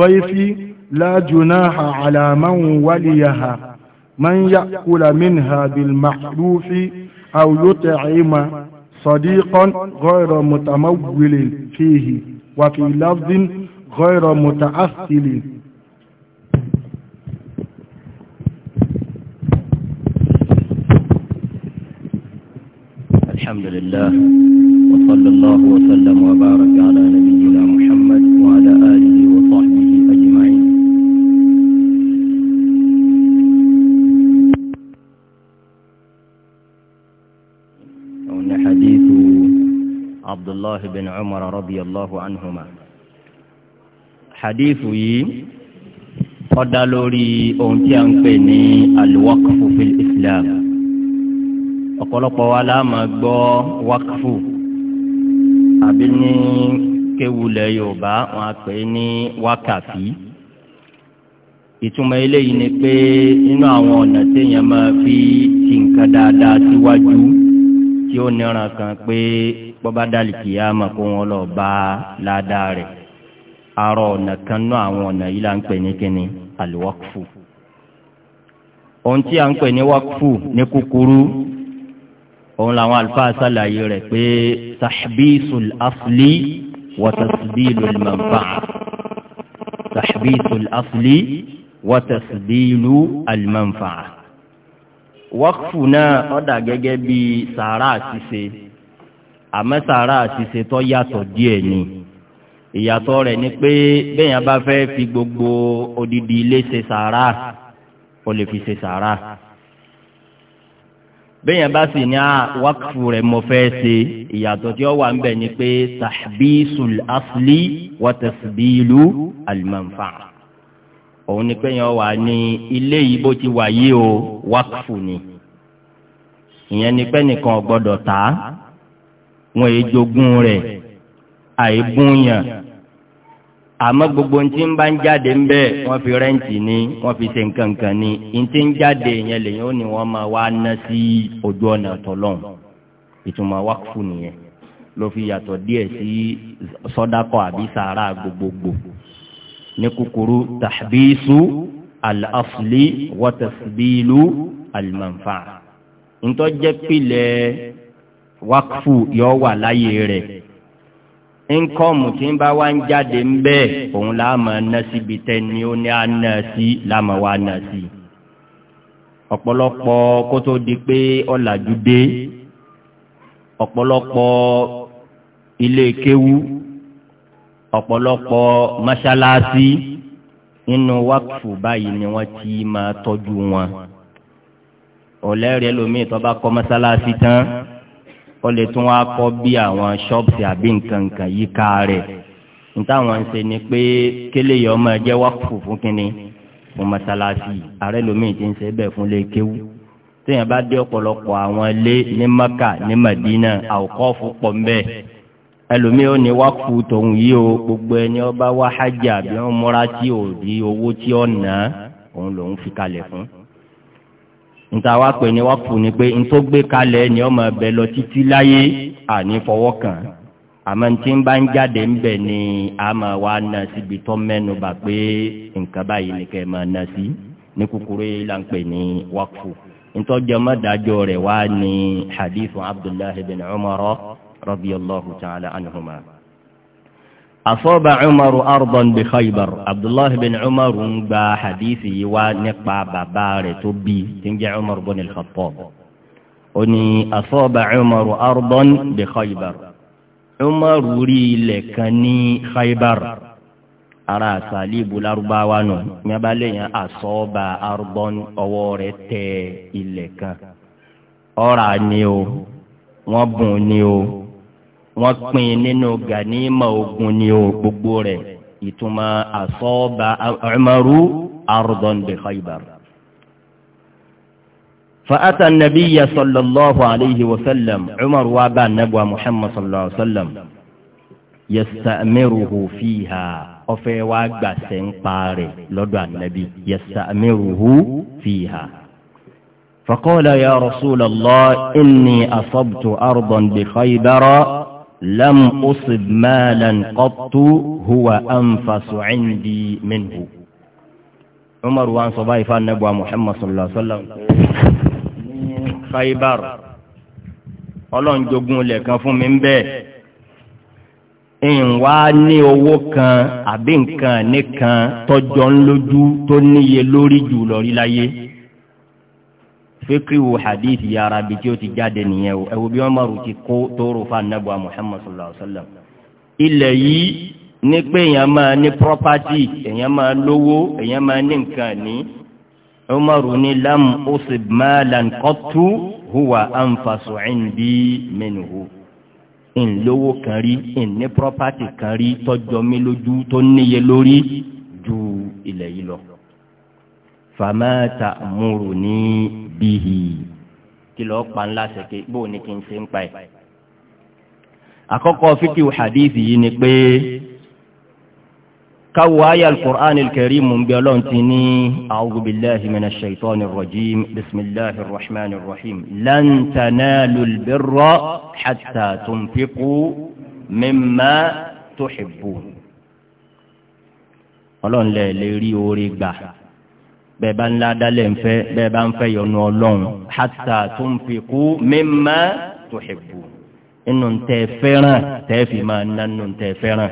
ضيف لا جناح على من وليها من يأكل منها بالمحروف أو يطعم صديقا غير متمول فيه وفي لفظ غير متأثل الحمد لله وصلى الله radiyallahu anhuma. hadithu yìí ó dá lórí ohun tí a ń pè ní al-waqfu fil islam ọ̀pọ̀lọpọ̀ wa la máa gbọ́ waqfu àbí ní kéwulẹ̀ yorùbá wọn a pè é ní wákàfí ìtumọ̀ eléyìí ni pé nínú àwọn ọ̀nà téèyàn máa fi ti nǹkan dáadáa síwájú tí ó níran kan pé bọ́bá dálì kìyàmà kó wọn lọ bá ládàá rẹ̀ arọ ọ̀nà kan náà àwọn ọ̀nà yìí là ń pè ní kíni àlùwọ́kùfù ohun tí a ń pè ní wọ́kùfù ní kúkúrú òun làwọn àlùfáà sàlàyé rẹ̀ pé tahbisul asli wa tasbilul manfa'a tahbisul asli wa wọ́kùfù náà ọ̀dà gẹ́gẹ́ bíi sàárà ṣíṣe àmọ́ sàárà àti ṣetọ́ yàtọ̀ díẹ̀ ni ìyàtọ̀ rẹ̀ ni pé bẹ́ẹ̀yàn bá fẹ́ fi gbogbo odidi ilé ṣe sàárà ó lè fi ṣe sàárà bẹ́ẹ̀yàn bá sì ní wákìfù rẹ̀ mo fẹ́ ṣe ìyàtọ̀ tí ó wà ń bẹ̀ ni pé tahbisul asli wa tasbilu al-manfa òun ni pé yẹn wà ní ilé yìí bó ti wà yìí o wákìfù ni ìyẹn ni pé nìkan ò gbọ́dọ̀ á wọn èyí jogún rẹ̀ àìbúyàn àmọ́ gbogbo ntí ń bá ń jáde ń bẹ́ẹ̀ wọ́n fi rẹ́ǹtì ni wọ́n fi ṣe nǹkan kan ni ntí ń jáde yẹn lèyìn ó ní wọ́n máa wá ná sí ojú ọ̀nà tọ́lọ́n ìtumọ̀ wákùfù nìyẹn ló fi yàtọ̀ díẹ̀ sí sọ́dákọ̀ àbí sàárà gbogbogbò ní kúkúrú tàbísù al-asli wa tasbilu Wakfu yọ wà láyé rẹ̀ ńkọ́mù tí ń bá wá ń jáde ń bẹ́ẹ̀ òun láàmà ná síbi tẹ́ni ó ní àná sí láàmà wá ná sí ọ̀pọ̀lọpọ̀ kó tó di pé ọ̀làjú dé ọ̀pọ̀lọpọ̀ ilé kéwú ọ̀pọ̀lọpọ̀ mọ́ṣáláṣí nínú wákùfù báyìí ni wọ́n ti máa tọ́jú wọn ọ̀lẹ́rìí ẹlòmíì tó bá kọ́ mọ́ṣáláṣí tán ó lè tún wá kọ́ bí àwọn ṣọ́ọ̀bù àbí nǹkan nǹkan rẹ̀ ntáwọn ṣe ni pé kélé yọ ọmọ ẹjẹ́ wákùfù fún kínní fún mọ́sálásí ààrẹ lómi ti ń ṣe bẹ́ẹ̀ fún lè kéwú téèyàn bá dé ọ̀pọ̀lọpọ̀ àwọn ilé ní Mẹ́kà ní Mẹ́dínà àwòkọ́fù pọ̀ ń bẹ́ẹ̀ ẹlòmíì ó ní wákùfù tòun yìí o gbogbo ẹni ọba wá hajj àbí wọn múra tí ò rí owó tí ó ná òun lòún fi kalẹ̀ fún níta wá pè ní wákù ni pé n tó gbé kalẹ̀ ni ọmọ ẹbẹ lọ títí láyé àní fọwọ́ kàn àmọ́ tí ń bá ń jáde ń bẹ̀ ni a máa wá na síbi tó mẹ́nu bà pé nǹkan báyìí ni kẹ́ máa na sí ní kúkúrú yìí là ń pè ní wákù ntọ́jọ́ mọ́dájọ́ rẹ̀ wá ní hadith abdullahi bin umar radiyallahu ta'ala anhuma asọ́ba umaru ardon bi khaybar abdullahi bin umaru ń gba hadithi yìí wá nípa bàbá rẹ̀ tó bí tí ń jẹ́ umaru bin al-khattab ó ní asọ́ba umaru ardon bi khaybar umaru rí ilẹ̀ kan ní khaybar ara àsàlìbù lárúbáwá nù ní abálẹ̀yìn asọ́ba ardon ọwọ́ rẹ̀ tẹ ilẹ̀ kan ọ̀rà ni o wọ́n bùn ni o. wọ́n pín nínú ganima ogun ni o gbogbo rẹ̀ ìtumọ̀ asọ́ba Umaru ardan bi Khaybar. فأتى النبي صلى الله عليه وسلم عمر وابا النبوة محمد صلى الله عليه وسلم يستأمره فيها ọfẹ wa gbà sẹ ń paarẹ lọ́dọ̀ anabi yasa amiruhu fiha. فقال يا رسول الله إني أصبت أرضا بخيبر lam usib malan qattu huwa anfasu indi minhu. umar wa sọ báyìí fún anabu muhammad sallallahu alaihi wa sallam ní khaybar ọlọ́run jogún lẹ́ẹ̀kan fún mi ń bẹ́ẹ̀ ìwà ní owó kan àbí nǹkan nìkan tọjọ́ ńlójú tó níye lórí jù lọ rí láyé fíkìwò hadithi yàrá bi tí ó ti jáde nìyẹn o ẹ̀wò bí Umaru ti kó tóóró fa nàbọ̀ Muhammad sallallahu alayhi wa sallam ilẹ̀ yìí ní pé èèyàn máa ní property èèyàn máa lówó èèyàn máa ní nǹkan ní Umaru ní lam usib malan qattu huwa anfasu indi minhu ń lówó kan rí ń ní property kan rí tọjọ mi lójú tó níye lórí ju ilẹ̀ yìí lọ. fama ta'muruni bihi kí lọ́ọ́ pa ńlá sẹ́kẹ́ bó ní kí n ṣe ń pa ẹ̀. àkọ́kọ́ fíkìwù hadith yìí ni pé káwọ ayé alukur'an kẹrí mu bí ọlọ́run ti ní a'udhu billahi minash shaitani rajim bisimilahi rahman rahim lan tanalul birra hatta tunfiqu mimma tuhibbun. ọlọ́run lè lè rí oore gbà bẹ́ẹ̀ bá ń la dálẹ̀ ń fẹ́ bẹ́ẹ̀ bá ń fẹ́ yọnu ọlọ́run hatta tunfiqu mimma tuhibbu inú tẹ fẹ́ràn tẹ́ fi máa ná inú tẹ fẹ́ràn.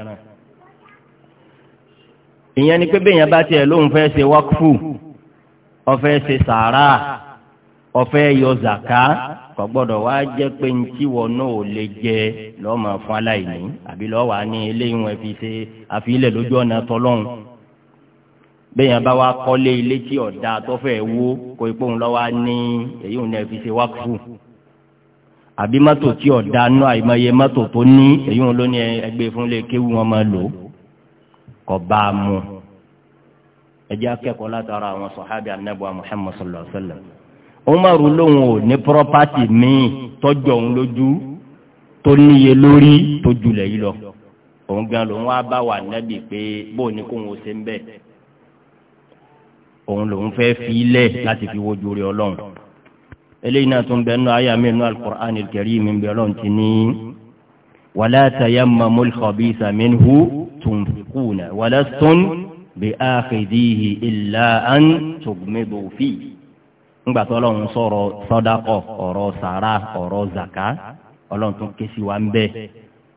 ìyẹn ni pé bẹ́ẹ̀yàn bá tiẹ̀ lóun fẹ́ ṣe wákùfù ó ṣe sàárà ó yọ zàká kò gbọ́dọ̀ wá jẹ́ pé ń tíwọ náà ò lè jẹ lọ́ọ́ máa fún aláìní àbí lọ́ọ́ wà ní eléyìí wọn fi ṣe àfi lójú ọ̀nà tọ́lọ́run bẹ́ẹ̀ bá wa kọ́lé ilé tí ọ̀dà tọ́fẹ̀ wó kó ipò ń lọ́wọ́ ní èyí ò ní ẹ fi ṣe wákùú àbí mọ́tò tí ọ̀dà náà àìmọye mọ́tò tó ní èyí ò ló ní ẹgbẹ́ fún lè kéwù wọn máa lò kọ́ bá a mú ẹjẹ́ akẹ́kọ̀ọ́ látara àwọn sọ̀hábì anábọ̀ Muhammad sallallahu alaihi wasallam Umaru lòun ò ní pọ́rọ́pátì míì tọ́jọ́ òun lójú tó níye lórí tó julẹ̀ yìí lọ òun gan lòun wá bá wà nẹ́bì pé bóun ní kóun ó ṣe ń bẹ́ẹ̀ òun lòun fẹ́ fi lẹ̀ láti fi wojú rẹ̀ ọlọ́run eléyìí náà tún bẹ́ẹ̀ nù ayé àmì inú alukur'an kẹrí mi bẹ́ẹ̀ ọlọ́run ti ní wàlá tayammamul khabisa minhu tunfiquna walastum bi akhidhihi illa an tughmidu fi ńgbà tó ọlọ́run sọ̀rọ̀ sọ́dákọ̀ ọ̀rọ̀ sàrà ọ̀rọ̀ zàká ọlọ́run tún ké sí wa ń bẹ́ẹ̀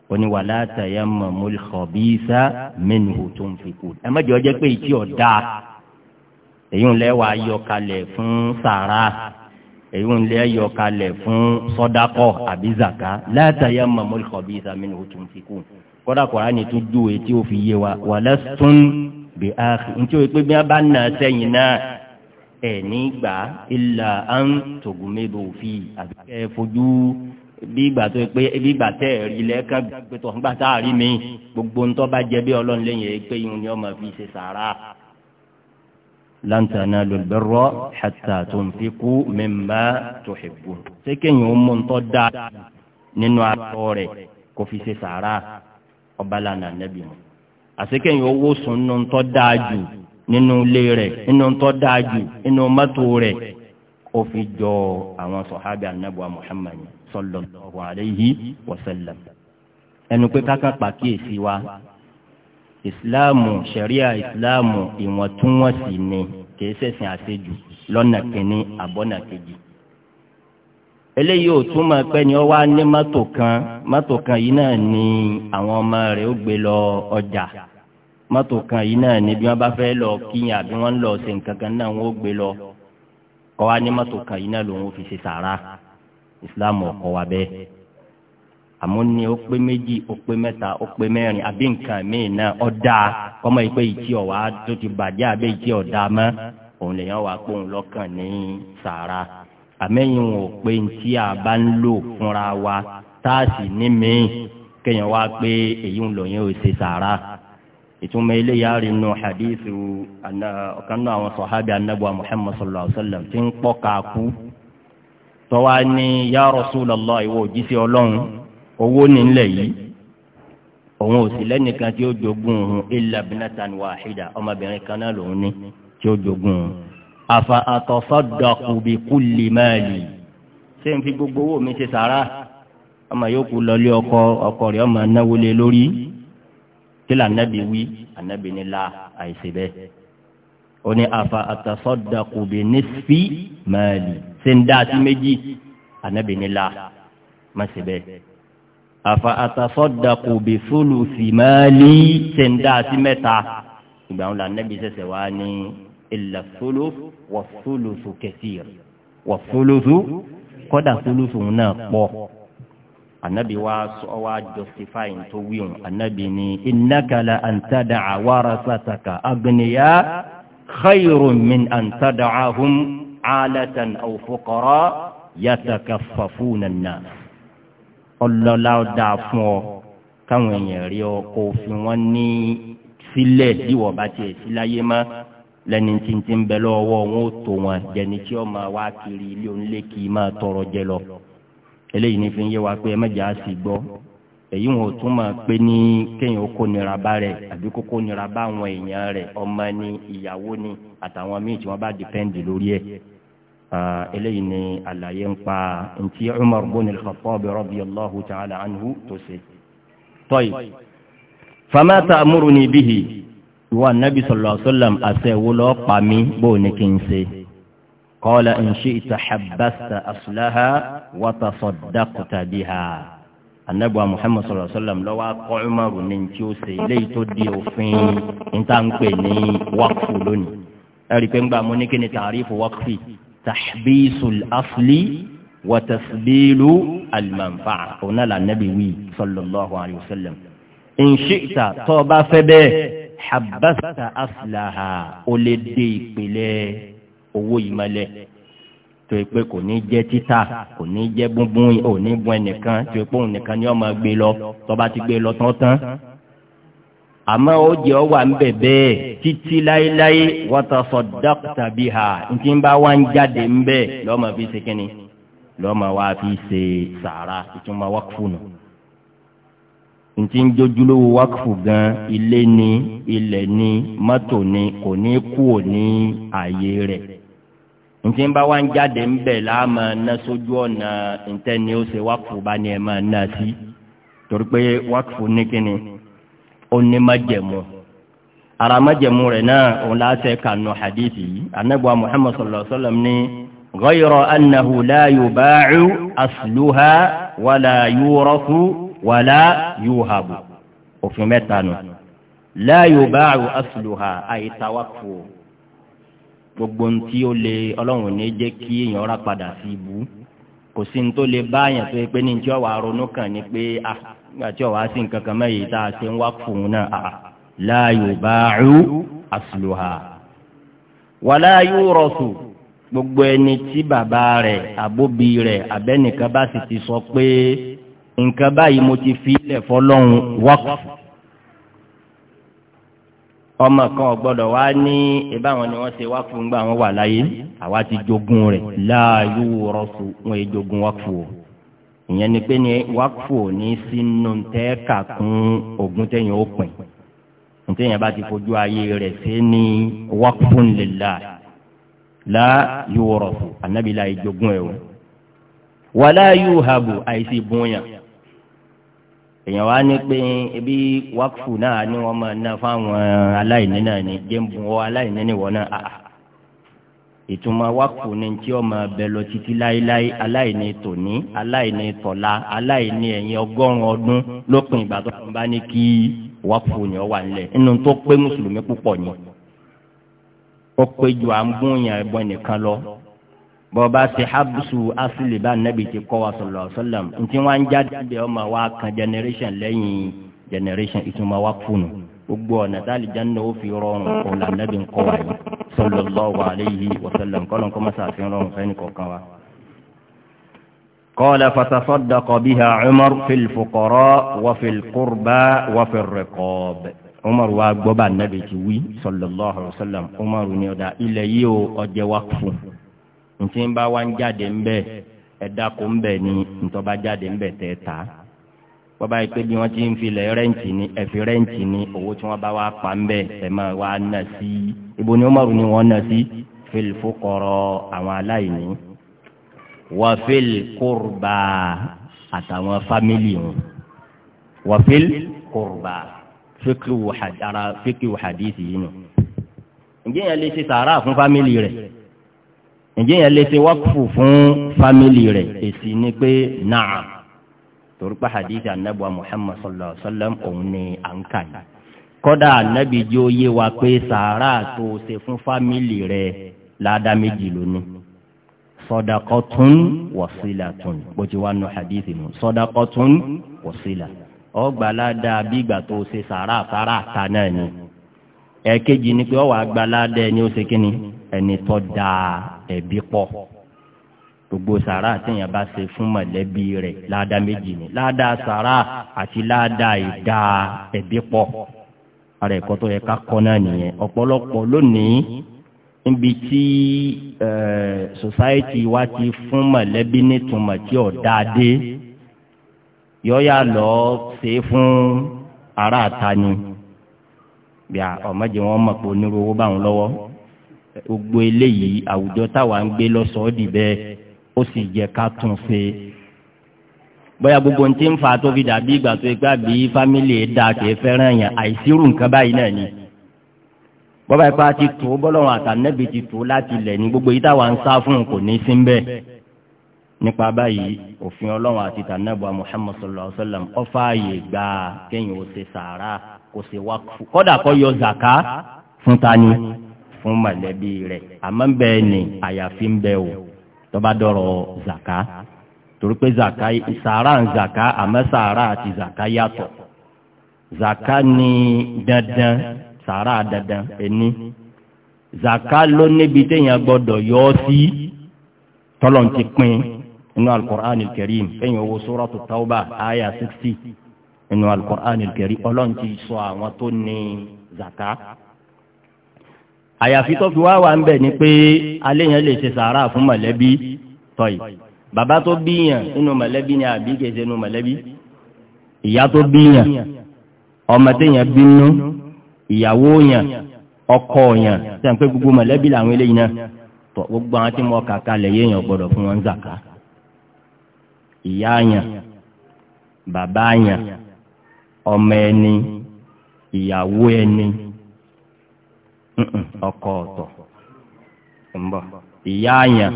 oni wàlá tayammamul khabisa minhu tunfiquna ẹ má jẹ́ ọjọ́ pé ìtì ọ̀dà èyí ń lẹ́ wàá yọ kalẹ̀ fún sàrà èyí ń lẹ́ yọ kalẹ̀ fún sọ́dákọ̀ àbí zaka látàyà mamul khabitha minhu tunfikun kọ́dà kọ́ra ni tún dùn etí ó fi yé wa walastun bi akhi ntí o pé bí wọ́n bá nà sẹ́yìn náà ẹ̀ nígbà illa an tughmidu fi àbíkẹ́ fojú bí ìgbà tó pé bí ìgbà tẹ́ ẹ̀ rí lẹ́ẹ̀kan gbẹtọ̀ ńgbà tá a rí mi gbogbo ńtọ́ bá jẹ bí ọlọ́run lẹ́yìn ẹ̀ pé ìhun ni ọmọ fi ṣe sàrà lan tanalul birra hatta tunfiqu mimma tuhibbun. ṣé kéèyàn ó mú un tọ́ da nínú àtọ́ rẹ̀ kó fi ṣe sàárà ọba lànà nẹ́bí mu. àṣekéyìn owó sùn nínú tọ́ dáa jù nínú ilé rẹ̀ nínú tọ́ dáa jù nínú mọ́tò rẹ̀ ó fi jọ àwọn sọ̀hábì anábùwà Muhammad wa sallam. ẹnu pé kákan pàkíyèsí wa ìsìláàmù ṣẹ̀ríà ìsìláàmù ìwọ̀ntúnwọ̀nsì ni kìí ṣẹ̀sìn àṣejù lọ́nà kìíní àbọ́nà kejì. eléyìí ò túmọ̀ pé ni ó wá ní mọ́tò kan mọ́tò kan yìí náà ni àwọn ọmọ rẹ̀ ó gbé lọ ọjà mọ́tò kan yìí náà ni bí wọ́n bá fẹ́ lọ kíyàn àbí wọ́n ń lọ ṣe nǹkan kan náà wọ́n ó gbé lọ kọ́ wa ní mọ́tò kan yìí náà lòun ó fi ṣe sàrà ìsìláàmù ọ̀kọ́ wa bẹ́ẹ̀ àmọ́ ní ó pé méjì ó pé mẹ́ta ó pé mẹ́rin àbí nǹkan míì náà ó dáa kọ́mọ yìí pé ìtì ọ̀wá tó ti bàjẹ́ àbí ìtì ọ̀dà mọ́ òun lèyàn wá pé òun lọ́kàn ní sàrà àmẹ́yìn wọn ò pé ntí a bá ń lò fúnra wa táàsì ní míì kéèyàn wá pé èyí ń lò ò ṣe sàrà ìtumọ̀ eléyà rí nu hadithu ọ̀kan náà àwọn sọ̀hábì anábọ̀ Muhammad sallallahu alayhi wa sallam ti ń pọ̀ káàkú tọ́wá ní ya Rasulullah ìwọ òjíṣẹ́ owó nílẹ̀ yìí òun ò sì lẹ́nìkan tí ó jogún òun illa binatan wahida ọmọbìnrin kan náà lòun ní tí ó jogún òun. afa atasaddaqu bi kulli mali ṣé n fi gbogbo owó mi ṣe sàrà ọmọ yòókù lọlé ọkọ ọkọ rẹ̀ ọmọ náwó lé lórí kí là wí ànàbì ni la àìsè bẹ́ẹ̀ ó ní afa atasaddaqu bi nisfi mali ṣé n dá sí méjì ànàbì ni la má ṣe bẹ́ẹ̀ àfa àtàfọ́dàkù bí fúlù sí máa ní tẹ̀ǹdà sí mẹ́ta ìgbà wọn là nẹ́bí sẹ̀sẹ̀ wá ní ilà fúlù wà fúlù sù kẹsìr wà fúlù sù kọ́dà fúlù sù náà pọ̀ anabi wa sọ wa justify tó wíwọn anabi ni innakala antada warasataka agniya khayrun min antadahum alatan aw fuqara yatakafafuna an ọlọ́lá ọ̀dà fún ọ káwọn èèyàn rí ọ kó fi wọ́n ní sílẹ̀ díwọ̀ bá tiẹ̀ sí láyé mọ́ lẹ́ni títí ń bẹ lọ́wọ́ wọn ò tó wọn jẹni tí ọmọ wa kiri ilé onílé kì í máa tọrọ jẹ lọ eléyìí ní fi ń yé wa pé ẹ mẹ́jọ á sì gbọ́ èyí wọn ò tún máa pé ní kéèyàn ó kó nira bá rẹ àbí kó kó nira bá àwọn èèyàn rẹ ọmọ ni ìyàwó ni àtàwọn míì tí wọn bá dìpẹ́ǹdì lórí ẹ̀. eléyìí ni àlàyé ń pa ntí Umar bin al-Khattab radiyallahu ta'ala anhu tó ṣe. tọ́yì fama ta'muruni bihi ìwà nabi sallallahu alaihi wasallam àṣẹ wo lọ́ọ́ pa mí bó ní kí n ṣe. قال إن شئت حبست أصلها وتصدقت بها النبي محمد صلى الله عليه وسلم لو عمر ننتيوسي ليتو ديوفين انتان كني وقف لوني أريكم باموني كني تعريف وقفي tahbisul asli wa tasbilu al-manfa'a ọ̀nà la nabi wi sallallahu alayhi wa sallam in shi'ta tó bá fẹ́ bẹ́ẹ̀ habasta aslaha ó lè dé ìpìlẹ̀ owó ìmọ̀lẹ̀ tó yẹ pé kò ní jẹ́ títà kò ní jẹ́ búnbún ò ní ẹnìkan tó yẹ pé òun nìkan ni ó gbé lọ tó ti gbé lọ tán tán àmọ́ ó jẹ́ ọ wà ń bẹ̀ bẹ́ẹ̀ títí láéláé watasaddaqta biha ntí ń bá wá ń jáde ń bẹ̀ lọ́mọ fi ṣe kínní lọ́mọ wá fi ṣe sàrà ìtumọ̀ wákùfù nù. ntí ń jójúlówó wákùfù gan ilé ni ilẹ̀ ni mọ́tò ni kò ní kú ò ní ààyè rẹ̀ ntí bá wá ń jáde ń bẹ̀ láàmú ná sójú ọ̀nà ntẹ́ni ó ṣe wákùfù bá ní ẹ̀ máa ná sí torí pé wákùfù ní kínní ó ní májẹ̀mú ara májẹ̀mú rẹ̀ náà òun láṣẹ kanu hadithi yìí anabuwa muhammad sallallahu alaihi wa sallam ní ghayra annahu la yuba'u asluha wala yurathu wala yuhabu òfin mẹ́ta nù la yuba'u asluha àìtawakfu gbogbo ntí ó lè ọlọ́run ní jẹ́ kí èèyàn rà padà sí ibú kò sí ní tó lè bá àyàn tó yẹ pé ní ìjọ wàá ronú kàn ní pé ah gbàtí ọ̀wá sí nǹkan kan mẹ́yìí tá a ṣe ń wá fún un náà à la yuba'u asluha wala yurasu gbogbo ẹni tí bàbá rẹ̀ àbóbi rẹ̀ abẹ́nìkan bá sì ti sọ pé nǹkan báyìí mo ti fi ilẹ̀ fọlọ́run wákùfù ọmọ kan gbọ́dọ̀ wá ní ìbá wọn ni wọ́n ṣe wá fún gbà wọn wà láyé àwa ti jogún rẹ̀ la yurasu wọn èjogún wákùfù o ìyẹn ni pé ní wákùú ò ní sínú tẹ́ kà kún ogún tẹ́yìn ó pin ntẹ́yìn bá ti fojú ayé rẹ̀ sí ní wákùún lillah la yurathu ànábì la ìjogún ẹ̀ o wala yuhabu àìsí bóyá èèyàn wá ní pé ibi wákùú náà ni wọ́n máa ná fáwọn aláìní náà ní jẹ́ ń bu aláìní níwọ̀n náà àà. Ah, ah ìtumọ̀ wákò ní tí ó máa bẹ lọ títí láéláé aláìní tòní aláìní tọ̀la aláìní ẹ̀yìn ọgọ́rùn ọdún lópin ìgbà tó bá ní kí wákò ní ọ wà nílẹ̀ nínú tó pé mùsùlùmí púpọ̀ ni ó pé ju àmúyàn ẹ̀bọn nìkan lọ bọba ti habusu asili bá nẹbi ti kọ́ wa sọlọ sọlọm ntí wọn jáde bẹ ọmọ wa kan generation lẹ́yìn generation ìtumọ̀ wákò nù gbogbo ọ̀nà tá àlìjáde náà ó fi rọrùn ọ̀là nẹbi ń wa yìí sallallahu alayhi wa sallam kọ́lọ̀ kọ́ mọ́sá àfihàn lọ́rùn fẹ́ nìkọ̀ọ̀kan wa. قال فتصدق بها عمر في الفقراء وفي القربى وفي الرقاب عمر wá gbọ́ bí Ànábì ti wí sallallahu alayhi wa sallam عمر ní ọ̀dà ilẹ̀ yìí ó ọjẹ́ wákùn ntí ń bá wá ń jáde ń bẹ̀ ẹ̀dá kò ń bẹ̀ ní ntọ́ba jáde ń bẹ̀ tẹ́ ta wọ́n bá yẹ pé bí wọ́n ti ń filẹ̀ rẹ́ǹtì ni ẹ̀fì rẹ́ǹtì ni owó tí wọ́n bá wá pa ń bẹ̀ ẹ̀ máa wá nà sí i ibo ni Umaru ni wọ́n nà sí fil fuqara àwọn aláìní wa fil qurba àtàwọn fámìlì wọn wa fil qurba fíkì wàhádìsì yìí nù. ǹjẹ́ yẹn lè ṣe sàárà fún fámìlì rẹ̀ ǹjẹ́ yẹn lè ṣe wákùfù fún fámìlì rẹ̀ èsì ni pé náà torípa hadith anabuwa muhammad sallallahu alaihi wa sallam òun ni à ń kà yìí kọ́dà anabi jẹ́ oyé wa pé sàárà tó ṣe fún fámìlì rẹ̀ láàdá méjì lónìí sọdakọtun wasilatun bó ti wá nù hadith nù sọdakọtun wasila ọgbàládà bígbà tó ṣe sàárà sàárà ta náà ni ẹ̀kejì ni pé ọwọ́ àgbàládà ẹni ó ṣe kíni ẹni tó da ẹ̀bí pọ̀. gbogbo sàrà àtẹ̀yìn bá ṣe fún mọ̀lẹ́bí rẹ̀ láàdá méjì ni láàdá sàrà àti láàdá ìdá ẹ̀bí pọ̀ ara ẹ̀kọ́ tó yẹ ká kọ́ náà nìyẹn ọ̀pọ̀lọpọ̀ lónìí níbi tí society wa ti fún mọ̀lẹ́bí nítumọ̀ tí ò dáadé yọ́yà lọ ṣe fún ara àta ni bí ọmọdé wọn mọ̀ pé onírúurú lọ́wọ́ gbogbo eléyìí àwùjọ táwa ń gbé lọ́sọ̀ọ́ dì bẹ́ẹ̀ ó sì yẹ ká tún ṣe bóyá gbogbo ní ti ń fa tó fi dàbí ìgbà tó gbà bí fámìlì da kìí fẹ́ràn yẹn àìsírù nǹkan báyìí náà ni bọ́bá ipá ti tó bọ́lọ́run àtànẹ́bí ti tó láti lẹ̀ ní gbogbo yìí táwa ń sá fún kò ní sí bẹ́ẹ̀ nípa báyìí òfin ọlọ́run àti tànẹ́bùa Muhammad sallallahu alayhi wa sallam ọ̀fà ààyè gba kéèyàn ó ṣe sàárà kò ṣe wá kódà kó yọ zàká fún tani fún mọ̀lẹ́bí rẹ̀ àmọ́ bẹ́ẹ̀ ni àyàfi ń bẹ́ẹ̀ o tó bá dọ̀rọ̀ zaka torí pé zaka sàárà ń zaka àmọ́ sàárà àti zaka yàtọ̀ zaka ní dandan sàárà dandan ẹni zaka ló níbi téèyàn gbọ́dọ̀ yọ ọ sí tọ́lọ̀ ti pín inú alukur'an kẹrin ẹ̀yìn owó suratu tawba aya sixty inú alukur'an kẹrin ọlọ́run ti sọ àwọn tó ní zaka àyàfi tó fi wá wà ń bẹ̀ ni pé alẹ́ yẹn lè ṣe sàárà fún mọ̀lẹ́bí tọ́yì bàbá tó bíyàn nínú mọ̀lẹ́bí ni àbí kèsè nínú mọ̀lẹ́bí ìyá tó bíyàn ọmọ téèyàn bínú ìyàwó yàn ọkọ yàn sẹ́yìn pé gbogbo mọ̀lẹ́bí làwọn eléyìí náà tọ́ gbogbo àwọn tí mo kà kalẹ̀ yéèyàn gbọ́dọ̀ fún wọn zàká ìyá yàn bàbá yàn ọmọ ẹni ìyàwó ẹni ọkọ ọ̀tọ̀ ńbọ ìyá àyàn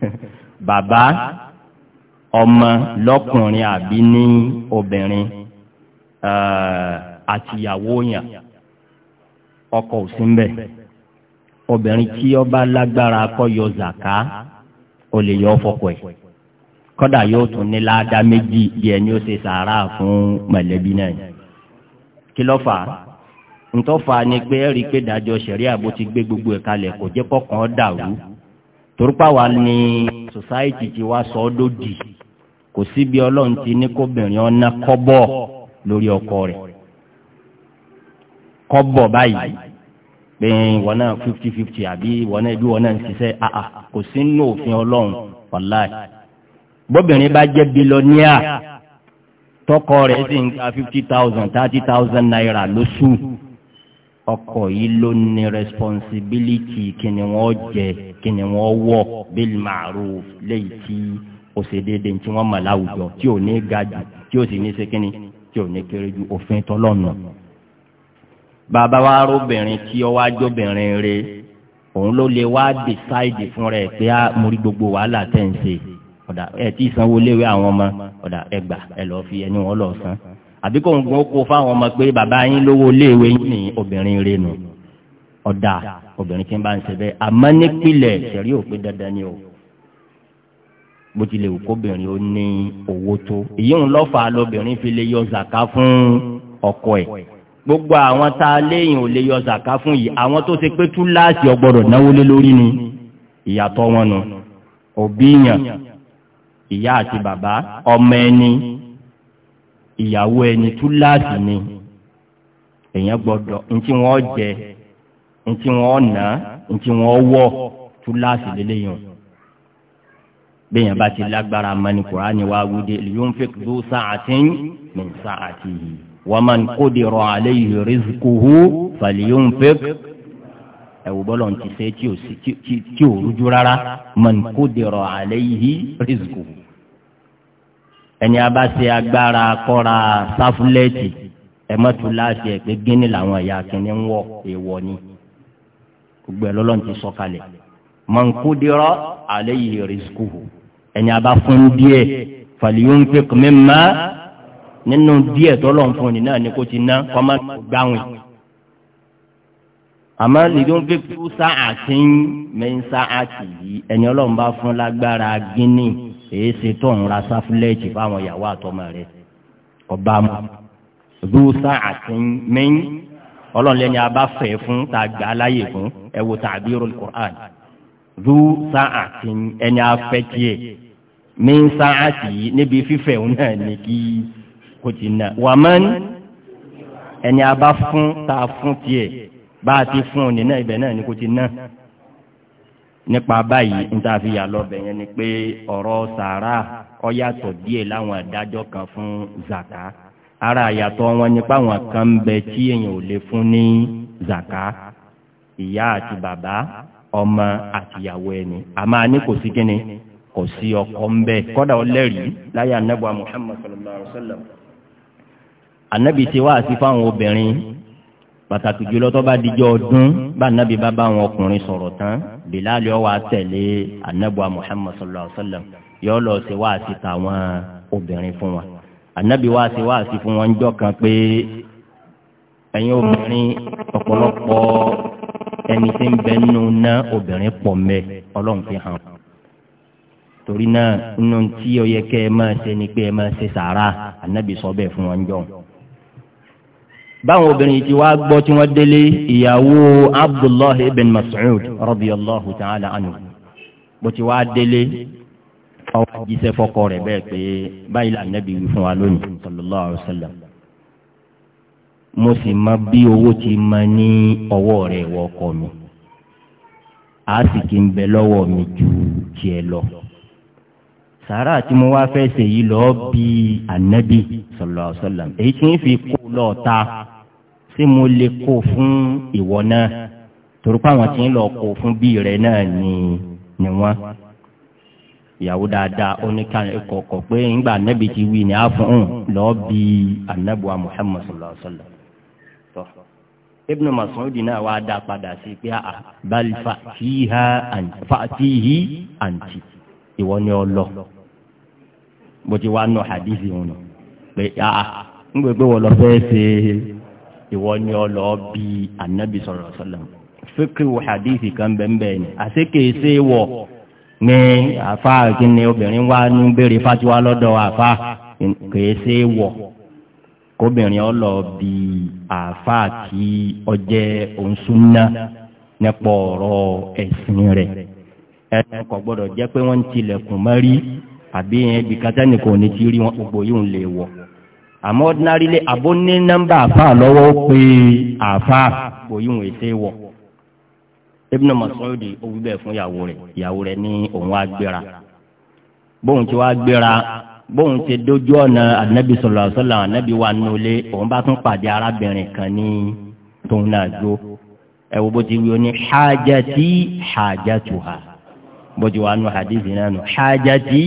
bàbá ọmọ lọ́kùnrin àbí ní obìnrin uh, àtìyàwó yàn ọkọ ò sí mbẹ obìnrin tí ó bá lágbára kó yọ zàká ó lè yọ fọkọ ẹ̀ kódà yóò tún ní láàdá méjì bí ẹni ó ṣe sàárà fún mọ̀lẹ́bí náà kí ló fà á ntọ́fà ni pé ẹ̀rí pé dájọ́ sẹ̀ríà bó ti gbé gbogbo ẹ̀ kalẹ̀ kò jẹ́ kọ́kàn dàrú torípa wa ni sòsáìtì ti wá sọ ọ́ lòdì kò sí bí ọlọ́run ti ní kóbìnrin ọ̀nà kọ́bọ̀ lórí ọkọ rẹ̀ kọ́bọ̀ báyìí pé wọn náà fifty fifty àbí wọn náà ibi wọn náà ń ṣiṣẹ́ àà kò sí nínú òfin ọlọ́run wàláì bóbìnrin bá jẹ́ bílọ́níà tọkọ rẹ̀ sì ń ka fifty thousand thirty thousand naira lóṣù ọkọ yìí ló ní responsibility kí ni wọ́n jẹ kí ni wọ́n wọ̀ bil ma'ruf léyìí tí ó ṣe déédéé tí wọ́n mọ̀ láwùjọ tí ò ní ga jù tí ó sì ní sékínì tí ò ní kéré ju òfin tọ́lọ́nà. bàbá wa róbìnrin tí ó wá jóbìnrin rẹ̀ òun ló lè wá decide fún rẹ̀ pé a ah, mo gbogbo wàhálà tẹ̀ ń ṣe ẹ̀ tí ìsanwó léwé àwọn ọmọ ẹgbà ẹ lọ́ọ́ fi ẹni wọn lọ́ọ́ san àbí kò ń gun oko fáwọn ọmọ pé bàbá yín lówó léèwé yín ní obìnrin renu ọ̀dà obìnrin tí ń bá ń ṣe bẹ́ẹ̀ àmọ́ nípìnlẹ̀ ṣẹ̀rí òpin dandan ni o bó tilẹ̀ wù kóbìnrin ó ní owó tó èyí ń lọ́fà lóbìnrin fi lè yọ zàká fún ọkọ ẹ̀ gbogbo àwọn tá a léyìn ò lè yọ zàká fún yìí àwọn tó ṣe pé túláàsì ọgbọ́dọ̀ náwó lé lórí ni ìyàtọ̀ wọn nu òbí yàn ìyá àti bàbá ọmọ ẹni ìyàwó ẹni túláàsì ni èèyàn gbọ́dọ̀ ntí wọ́n jẹ ntí wọ́n nà ntí wọ́n wọ̀ túláàsì lélẹ́yìn bẹ́ẹ̀ yẹn bá ti lágbára mani kùránì wá wúde liyunfiq du sa'atin min sa'atihi wa man qudira alayhi rizquhu falyunfiq ẹ̀wù bọ́lọ̀ ti ṣe tí ò rújú rárá man qudira alayhi rizquhu ẹni a bá ṣe agbára kọ́ra sáfúlẹ́ẹ̀tì ẹ mọ́tò láti ẹ̀ pé gíní làwọn ẹ̀yà kìíní ń wọ̀ èèwọ̀ ni gbogbo ẹ̀ lọ́lọ́run ti sọ kalẹ̀ mọ̀nkúdìrọ̀ alayhi rizquhu ẹni a bá fún díẹ̀ falyunfiq mimma nínú díẹ̀ tọ́lọ̀ fún ni náà ni kò ti ná kọ́má gbáwìn àmọ́ lìdún fífi sáà tí ń mẹ́ńsáà tì yìí ẹni ọlọ́run bá fún lágbára gíní èyí ṣe tó ń ra sáfúlẹ́ẹ̀tì fáwọn ìyàwó àtọmọ rẹ̀ ọba mu ìlú sa'atin min ọlọ́ọ̀lẹ́ni a bá fẹ́ fún tá a gbà á láyè fún ẹ wo ta'birul Qur'an ìlú sa'atin ẹni a fẹ́ tiẹ̀ min sa'ati yìí níbi fífẹ́ òun náà ní kí kò ti nà wàmán ẹni a fún tá a fún tiẹ̀ bá a ti fún òun ní náà ibẹ̀ náà ní kò ti nà nípa báyìí níta fi yà lọ́bẹ̀ yẹn ni pé ọ̀rọ̀ sàárà ó díẹ̀ láwọn ìdájọ́ kan fún zaka ara àyàtọ̀ wọn nípa àwọn kan ń bẹ tí èèyàn ò lè fún ní zaka ìyá àti bàbá ọmọ àtìyàwó ẹni àmọ́ àní kò sí kíni kò sí ọkọ ń bẹ kọ́dà ó lẹ́rìí anábọ̀ Muhammad sallallahu alaihi anábì ti wá àti fáwọn obìnrin pàtàkì jùlọ tó bá dijọ́ ọdún bá nàbí bá bá àwọn ọkùnrin sọ̀rọ̀ tán bilali ọwọ́ àtẹ̀lé anabuwa muhammad sallallahu alaihi wa sallam yọ lọ sí wáàsí tàwọn obìnrin fún wa anabi wáàsí wáàsí fún wọn jọ kan pé ẹ̀yin obìnrin ọ̀pọ̀lọpọ̀ ẹni tí ń bẹ nínú ná obìnrin pọ̀ mẹ́ ọlọ́run fi hàn torí náà nínú tí ó yẹ kẹ́ ẹ máa ṣe ni pé ẹ máa ṣe sàárà anabi sọ bẹ́ẹ̀ fún wọn jọ̀hún báwọn obìnrin ti wá gbọ́ tí wọ́n délé ìyàwó abdullahi ibn mas'ud radiyallahu ta'ala anhu bó ti wá délé ọwọ́ jíṣẹ́ fọ́kọ rẹ̀ bẹ́ẹ̀ pé báyìí là nẹ́bí wí fún wa lónìí sallallahu alayhi wa sallam mo sì mọ bí owó ti mọ ní ọwọ́ rẹ̀ wọ ọkọ mi a sì kí n bẹ lọ́wọ́ mi ju tiẹ̀ lọ sàárà tí mo wá fẹ́ ṣe yìí bí anabi sallallahu alayhi wa sallam èyí tí ń fi kó kú lọ́ọ̀ta tí mo lè kó fún ìwọ náà torípa àwọn tí ń lọ kó fún bí rẹ náà ni ni wọn. ìyàwó dáadáa oníkàkọ̀ pé ńgbà nẹ́bi ti wí ni a fún un lọ́ọ́ bí anabuwa muhammad sallallahu alaihi wa mas'udi náà wàá dá padà sí pé a bal fàtíhà àǹtí ìwọ ni ọ lọ bó ti wá nù hadithi wọn pé a ń gbé pé wọ́n lọ ṣe ìwọ ni ọ lọ bí anabi sọ̀rọ̀ sọ̀lọ̀ fíkìwò hadithi kan bẹ́ẹ̀ ni àṣekèsè wọ̀ ní àfa kìíní obìnrin wa ń béèrè fatiwa lọ́dọ̀ àfa kèsè wọ̀ kóbìnrin ọ lọ bí àfa kí ọjẹ́ òǹsúnná nípa ọ̀rọ̀ ẹ̀sìn rẹ̀ ẹ̀sìn kò gbọ́dọ̀ jẹ́ pé wọ́n ń tilẹ̀kùn mọ́rí àbí ẹ̀bí kátẹ́nì kò ní ti rí wọn gbogbo yìí ń lè wọ̀ àmọ́ ordinarily àbó ní nọ́mbà àfà lọ́wọ́ pé àfà kò yíwọ̀n ètè wọ̀ Ibn Mas'ud ó wí bẹ́ẹ̀ fún ìyàwó rẹ̀ ìyàwó rẹ̀ ní òun á gbéra bóun ti wá gbéra bóun ti dójú ọ̀nà anabi sallallahu alaihi anabi wa nulẹ̀ òun bá tún pàdé arábìnrin kan ní tóun náà jó ẹ bó ti wí o ní hajati hajatuha bó ti wà nù hadith náà nù hajati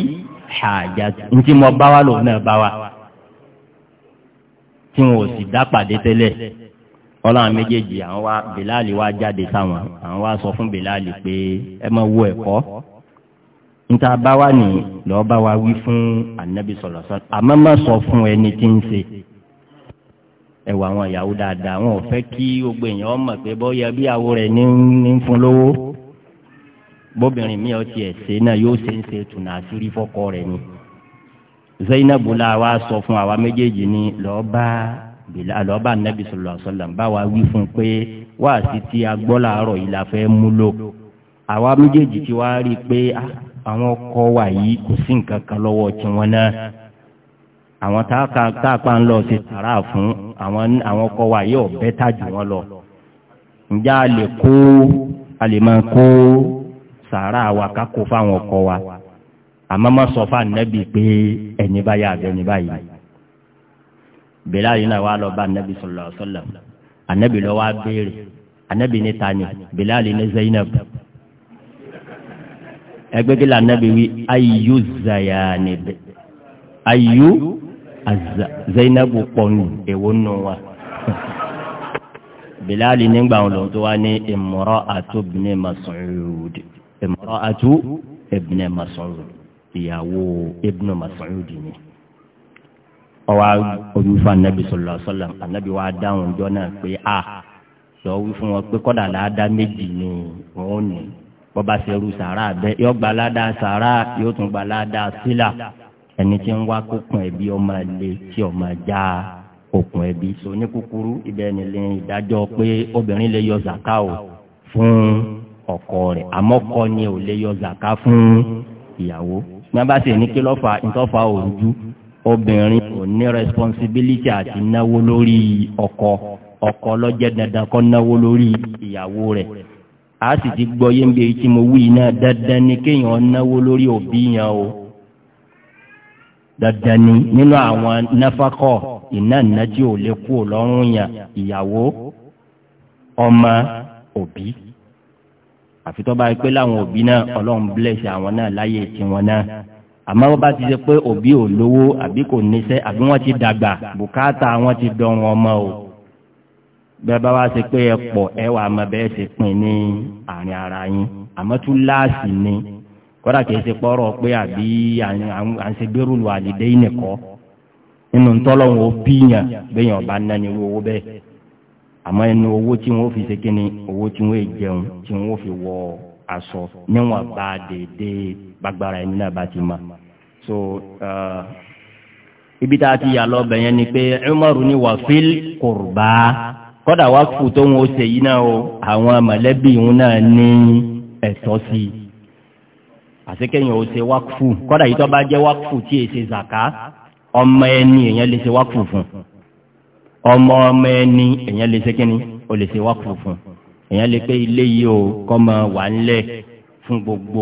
hajatu ntí mo bá wa lòun náà bá wa tí wọn ò sì dá pàdé tẹ́lẹ̀ ọlọ́run méjèèjì àwọn wa bìláàlì wa jáde sáwọn àwọn wa sọ fún bìláàlì pé ẹ máa wo ẹ̀kọ́ níta bá wà ní lọ́ọ́ bá wa wí fún ànábì sọ̀rọ̀ sọ́ọ́ àmọ́ má sọ fún ẹni tí ń ṣe ẹ̀wọ̀ àwọn ìyàwó dáadáa wọn ò fẹ́ kí gbogbo èèyàn mọ̀ pé bọ́yá bí àwo rẹ̀ ní ń fún lówó bóbìnrin mi ò tiẹ̀ ṣe náà yóò ṣe ń ṣe tùnà àṣírí fọ́kọ rẹ̀ ni zainabu la wa sọ fún àwa méjèèjì ní lọ́ọ́bà bìlá lọ́ọ́bà nẹ́bí sallallahu alaihi bá wa wí fún pé wá sí ti agbọ́ làárọ̀ yìí la fẹ́ mú lò àwa méjèèjì ti wá rí i pé ah, àwọn ọkọ wa yìí kò sí nǹkan kan lọ́wọ́ tiwọn náà àwọn tá a pa ń lọ sí sàrà fún àwọn ọkọ wa yìí ọ̀bẹ tà jù wọn lọ ǹjẹ́ a lè kó a lè máa kó sàrà wa ká kó fáwọn ọkọ wa àmọ́ má sọ fún anabi pé ẹni bá yà bẹ́ẹ̀ ni báyìí Bilal náà wà lọ bá anabi sallallahu alaihi wasallam anabi lọ wá béèrè anabi ní tani Bilal ní Zainab ẹgbẹ́gẹ́ la anabi wí ayu zayanib ayu azza Zainab pọ̀nù èwo nù wa Bilal nígbà wọn lọ tó wá ní imra'atu ibn Mas'ud imra'atu ibn Mas'ud ìyàwó ibnu Mas'ud ni ọwọ́ olùfà anabi sọlọ sọlọ anabi wa dáhùn ọjọ́ náà pé a lọ wí fún wọn pé kọ́dà láàdá méjì ni òun ní bọ́ba ṣerú sàrà bẹ́ẹ̀ yọ gba láàdá sàrà yóò tún gba láàdá sílà ẹni tí ń wá kókun ẹbí ọmọ ilé tí ọmọ já okùn ẹbí so ní kúkúrú ibẹ̀ ni lè dájọ́ pé obìnrin lè yọ zaka o fún ọkọ rẹ̀ àmọ́ ni ò lè yọ zaka fún ìyàwó ní abá sì ní kí lọ́fà ìtọ́fà òòjú obìnrin ò ní responsibility àti náwó lórí ọkọ ọkọ lọ́jẹ́ dandan kọ́ náwó lórí ìyàwó rẹ̀ a sì ti gbọ́ yé ń tí mo wí náà dandan ni kéèyàn náwó lórí òbí yẹn o dandan ni nínú àwọn náfàkọ iná ìnájí ò lè kú lọ́rùn yẹn ìyàwó ọmọ òbí àfi tó bá yẹ pé láwọn òbí náà ọlọ́run bless àwọn náà láyé tiwọn náà àmọ́ wọ́n bá ti ṣe pé òbí ò lówó àbí kò níṣẹ́ àbí wọ́n ti dàgbà bùkátà wọn ti dọ̀rùn ọmọ o bẹ́ẹ̀ bá wá ṣe pé ẹ pọ̀ ẹ wà mọ bẹ́ẹ̀ ṣe pin ní àárín ara yín àmọ́ tún láàsì ni kódà kìí ṣe pọ́rọ̀ pé àbí à ń ṣe gbérù lù àlìdé nìkọ́ nínú ntọ́lọ́hún ó bíyàn bẹ́yàn ọba náà ní owó bẹ́ẹ̀ àmọ́ inú owó tí wọ́n fi ṣe kíni owó tí wọ́n jẹun tí wọ́n fi wọ aṣọ níwọ̀n bá dédé gbàgbára ẹni náà bá ti ma so uh, ibi tá a ti yà lọ bẹ̀yẹn ni pé Umaru ni wàfíl kùrbá kọ́dà wá kù tó ń ṣe yìí náà o àwọn mọ̀lẹ́bí òun náà ní ẹ̀tọ́ sí i àsekẹ́yìn ò ṣe wákùfù kọ́dà yìí tó bá jẹ́ wákùfù tí èsì zàká ọmọ ẹni èèyàn lè ṣe wákùfù fún un ọmọ ọmọ ẹni èèyàn lè ṣe kínní o lè ṣe wákùú fún èèyàn lè pé ilé yìí o kọ́ mọ wà ń lẹ̀ fún gbogbo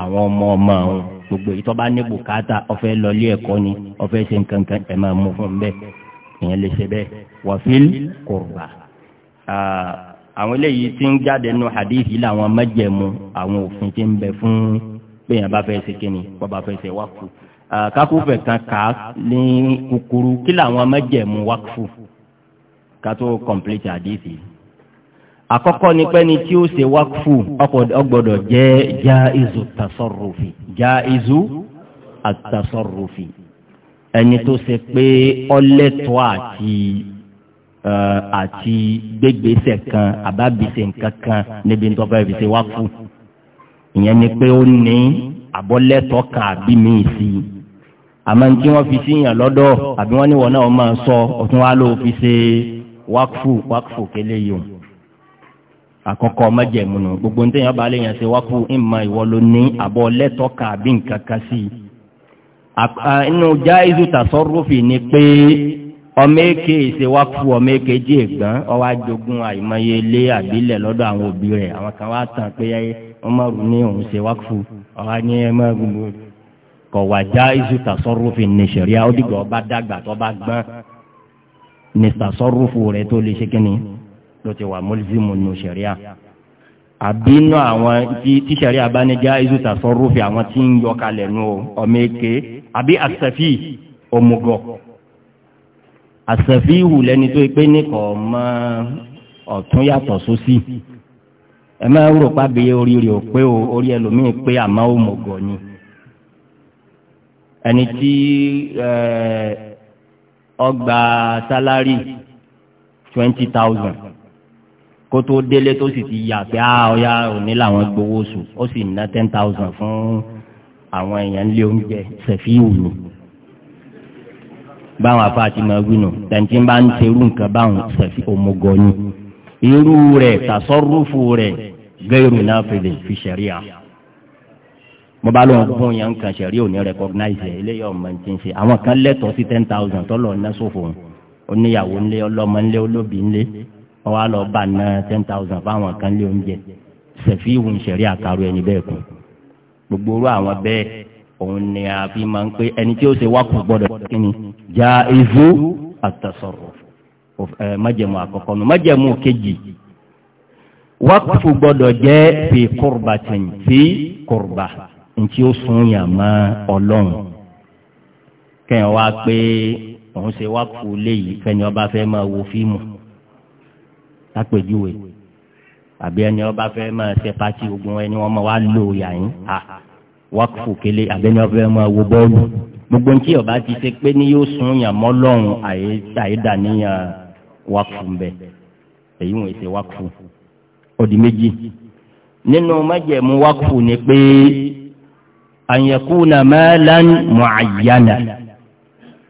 àwọn ọmọ ọmọ ọ̀hún gbogbo èyí tó bá ní bùkátà ọ̀fẹ́ lọlé ẹ̀kọ́ ni ọ̀fẹ́ ṣe nǹkan kan ẹ̀ máa mú fún bẹ́ẹ̀ èèyàn lè ṣe bẹ́ẹ̀ wàfíìl kùrbà àwọn eléyìí tí ń jáde nù hadith yìí làwọn májẹ̀mú àwọn òfin tí ń bẹ fún bẹ́ẹ̀yàn bá fẹ́ ṣe kínní wọ́n fẹ́ ṣe wákùú kákúfẹ̀ kan kà á ní kúkúrú kí làwọn májẹ̀mú wákùú ká tó kọ̀m̀plíìtì àdìsí. àkọ́kọ́ ni pẹ́ni tí ó ṣe wákùfù ọgbọ́dọ̀ jẹ́ jáìzù tasarrufi jáìzù àtasarrufi ẹni tó ṣe pé ọlẹ́tọ̀ ati àti gbégbèsè kan àbábìsè nǹkan kan níbi tó fẹ́ fi ṣe wákùfù ìyẹn ni pé ó ní àbọ̀lẹ́tọ̀ kan àbí mi sí i àmọ́ ní tí wọ́n fi síyàn lọ́dọ̀ àbí wọ́n ní wọ́n náà máa sọ ọ̀tún wa ló fi ṣe é Wakfu, wakfu kele yòó àkọ́kọ́ májẹ̀múnu gbogbo ní tẹ̀yìn ọba alẹ́ yẹn ṣe wákfù ìmọ̀ ìwọ ló ní àbọ̀ lẹ́tọ̀ọ́ kà bí nǹkan kan sí i. inú jáìzù tàṣọ́rọ́fì ni pé ọmọ èké ṣe wákfù ọmọ èké jí ègbọ́n ọwọ́ àjogún àìmọye ilé àbílẹ̀ lọ́dọ̀ àwọn òbí kan wá tàn pé ọmọ rù òun ṣe wákfù ọwọ́ ní ẹ má gbogbo kọ̀wá jáìzù ni ṣẹ̀ríà ó dìgbà ọba dàgbà tó bá ní sàsọ́rùfù rẹ̀ tó lè ṣe kínní ló ti wà mọ́lìsímù nù sẹ̀ríà àbínú àwọn tí tíṣẹ̀rí abánijá izu sàsọ́rùfù àwọn tí ń yọ kalẹ̀ nù ọmọ èké àbí àṣẹfì òmùgọ̀ àṣẹfì ìhù lẹni tó pé ní kọ̀ ọmọ ọ̀tún yàtọ̀ sósì ẹ máa rò pábí orí rẹ̀ ò pé orí ẹlòmíì pé àmọ́ òmùgọ̀ ni ẹni tí ẹ̀ẹ́ ọgbà sálárì twenty thousand kó tó délé tó sì ti yà pé a ah, ọ̀ya òní làwọn gbowó oṣù ó sì ná ten thousand fún àwọn èèyàn ilé oúnjẹ ṣèfíìwù ni báwọn afáàtì máa wí nù tẹ̀ǹtì bá ń serú nǹkan báwọn ṣèfí òmùgọ̀ ni irú rẹ̀ tàṣọ́rùfù rẹ̀ gẹ́rù náà fèlè fi ṣẹ̀ríà mo bá lóun fún yẹn nǹkan ṣẹ̀rí òní recognize ẹ̀ eléyìí ọmọ ti ń ṣe àwọn kan lẹ́tọ̀ọ́ sí ten thousand tọ́lọ̀ ní sòfò oníyàwó ńlé ọlọ́mọ ńlé olóbì ńlé wọ́n wá lọ bá ná ten thousand fáwọn kan lé oúnjẹ ṣẹ̀fí ìwù ṣẹ̀rí àkàrò ẹni bẹ́ẹ̀ kù gbogbo orú àwọn bẹ́ẹ̀ òun ni a fi máa ń pé ẹni tí ó ṣe wá kù gbọ́dọ̀ kíni já ìzú àtàsọ̀rọ̀ májẹ̀mú àkọ́kọ́ ntí ó sún yàn mọ́ ọlọ́run kẹ́yìn wá pé òun ṣe wá kú léyìí fẹ́ni ọba fẹ́ máa wo fíìmù lápèjúwe àbí ẹni ọba fẹ́ máa ṣe pátì ogun ẹni wọ́n máa wá lò yàyín à wákùfù kele àbí ẹni ọba fẹ́ máa wo bọ́ọ̀lù gbogbo ntí ọba ti ṣe pé ní yóò sún yàn mọ́ ọlọ́run àyèdàníyàn wákùfù mbẹ èyí wọ́n ṣe wákùfù ó méjì nínú májẹ̀mú wákùfù ni pé àyẹ̀kúnà mẹ́lẹ́n mọ̀àyánà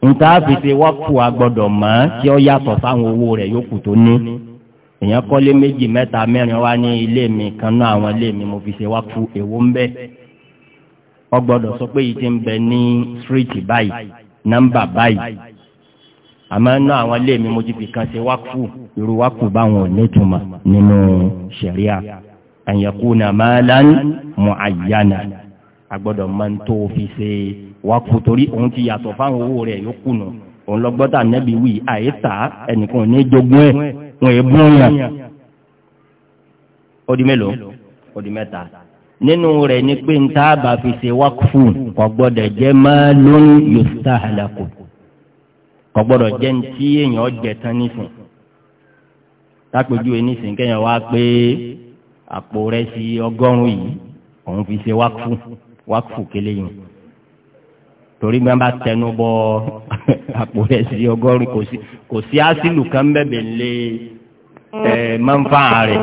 nǹkan àfìsè wọ́pù agbọ́dọ̀ mọ́ tí ó yàtọ̀ sáwọn owó rẹ̀ yókù tó ní èèyàn kọ́lé méjì mẹ́ta mẹ́rin wá ní ilé mi kan náà àwọn ilé mi mo fi ṣe wọ́pù èwo ń bẹ ó gbọ́dọ̀ sọ pé yìí ti ń bẹ ní síríìtì báyìí nọ́mbà báyìí àmọ́ náà àwọn ilé mi mo ti fi kan ṣe wọ́pù irú wọ́pù báwọn ò nítumọ̀ nínú ṣẹ̀ríà àyẹ̀kúnà mẹ́lẹ́n mọ̀àyánà agbọ́dọ̀ máa ń tó fi ṣe wákù torí òun ti yàtọ̀ fáwọn owó rẹ̀ yókù nù òun lọ gbọ́dọ̀ nẹ́bi wí àyè tà ẹnìkan ní jogún ẹ̀ wọn è bú yàn. ó di mélòó ó di mẹ́ta nínú rẹ̀ ni pé n tá bá fi ṣe wákù kò gbọ́dọ̀ jẹ́ máa lóyún yòókù àlàkù kò gbọ́dọ̀ jẹ́ ní tí èèyàn jẹ tán nísìn tápéjú ẹ nísìn wá pé àpò rẹ̀ sí ọgọ́rùn-ún yìí òun fi ṣe wákù. wakufu kele yìí torí gbọ́n bá tẹnu bọ àpò sí kan lé ẹ mọ́nfà rẹ̀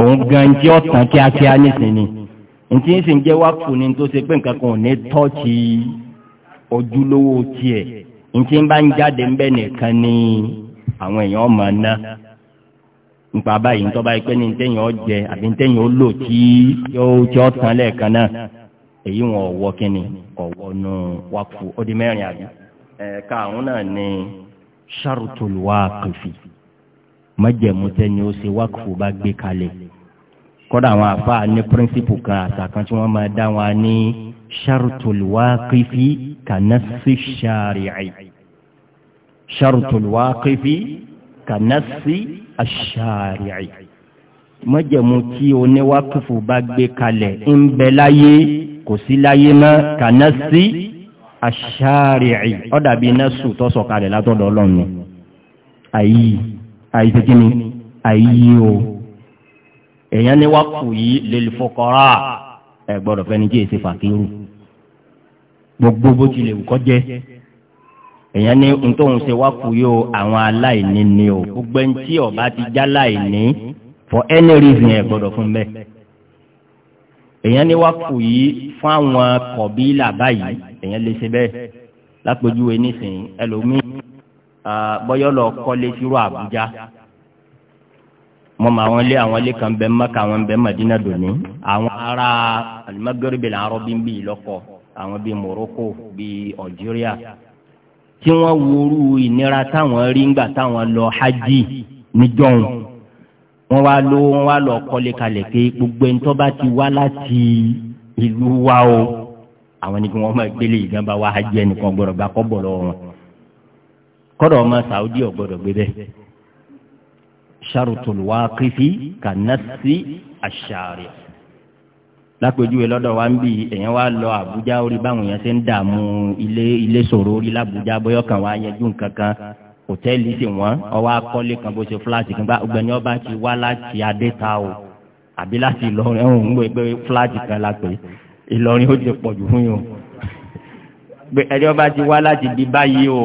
òun gan jẹ́ ọ̀tàn kíákíá nísìnyí ntí ń sìn ni tó ṣe pé nǹkan kan ò ní tọ́ọ̀tì ojúlówó tiẹ̀ ntí ń bá ń jáde ni àwọn èèyàn ọmọ ná nípa báyìí ń báyìí pé ní ntẹ́yìn ọ jẹ àbí ntẹ́yìn ó lò tí yóò tí ọ tán lẹ́ẹ̀kan èyí wọn ọwọ́ kínní ọwọ́ nù wákùú ó di mẹ́rin àbí ẹ̀ka àwọn náà ní sharutul wákìfì májẹ̀mú tẹ́ni ó ṣe wákùú bá gbé kalẹ̀ kọ́dà àwọn àfa ní píríncípù kan àtàkàn tí wọ́n máa dá wọn ní sharutul wákìfì kanasi shari'i sharutul wákìfì kanasi ashari'i májẹ̀mú tí oníwákìfù bá gbé kalẹ̀ ń bẹ láyé kò sí láyé mọ́ kàná sí àṣàrìí ọ̀dàbí nẹ́sù tó sọ̀kalẹ̀ látọ̀dọ̀ ọlọ́run àyí àyí ti kí ni àyí o èèyàn ní wákù yìí lil fuqara ẹ gbọ́dọ̀ fẹ́ni jẹ́ èsì fàkírù gbogbo bó ti lè wùkọ́ jẹ́ èèyàn ní ntòun ṣe wákù yìí o àwọn aláìní ni o gbogbo ẹni tí ọba ti já láìní for any reason ẹ gbọ́dọ̀ fún bẹ́ẹ̀ èèyàn ní wákù yìí fún àwọn kọ̀bílà báyìí èèyàn lè ṣe bẹ́ẹ̀ lápèjúwe nísìnyí ẹlòmíì bọ́yọ́ lọ kọ́lé sírò Àbújá mo mọ àwọn ilé àwọn ilé kan bẹ Mẹ́kà àwọn bẹ Mẹdínà dòní àwọn ará alimagoribe la arọ bí n bí lọkọ àwọn bíi Morocco bíi Algeria tí wọ́n wúru ìnira táwọn rí ńgbà táwọn lọ hajj níjọ́hún wọ́n wá ló wọ́n wá lọ kọ́lé kalẹ̀ pé gbogbo ẹni tó bá ti wá láti ìlú wa o àwọn ni kí wọ́n máa gbélé ìgbọ́n wá hajj ẹnìkan gbọ́dọ̀ gbà kọ́ bọ̀ lọ́wọ́ wọn kọ́dọ̀ ọmọ Saudi ọ̀gbọ́dọ̀ gbé bẹ́ẹ̀ sharutul waqifi kanasi ashari lápèjúwe lọ́dọ̀ wa ń bì èèyàn wá lọ Àbújá orí báwọn èèyàn ṣe ń dààmú ilé ilé sòrò orí làbújá bóyá kan wá yẹjú nǹkan kan hòtẹ́ẹ̀lì sì wọ́n ọwọ́ akọ́lé kan bó ṣe fúláàtì kan bá ọgbẹ́ni ọba ti wá láti adéta o àbí láti Ìlọrin ẹ̀hún ń gbé fúláàtì kan la pé Ìlọrin ó ti pọ̀ jù fún yìí o ẹni ọba ti wá láti di báyìí o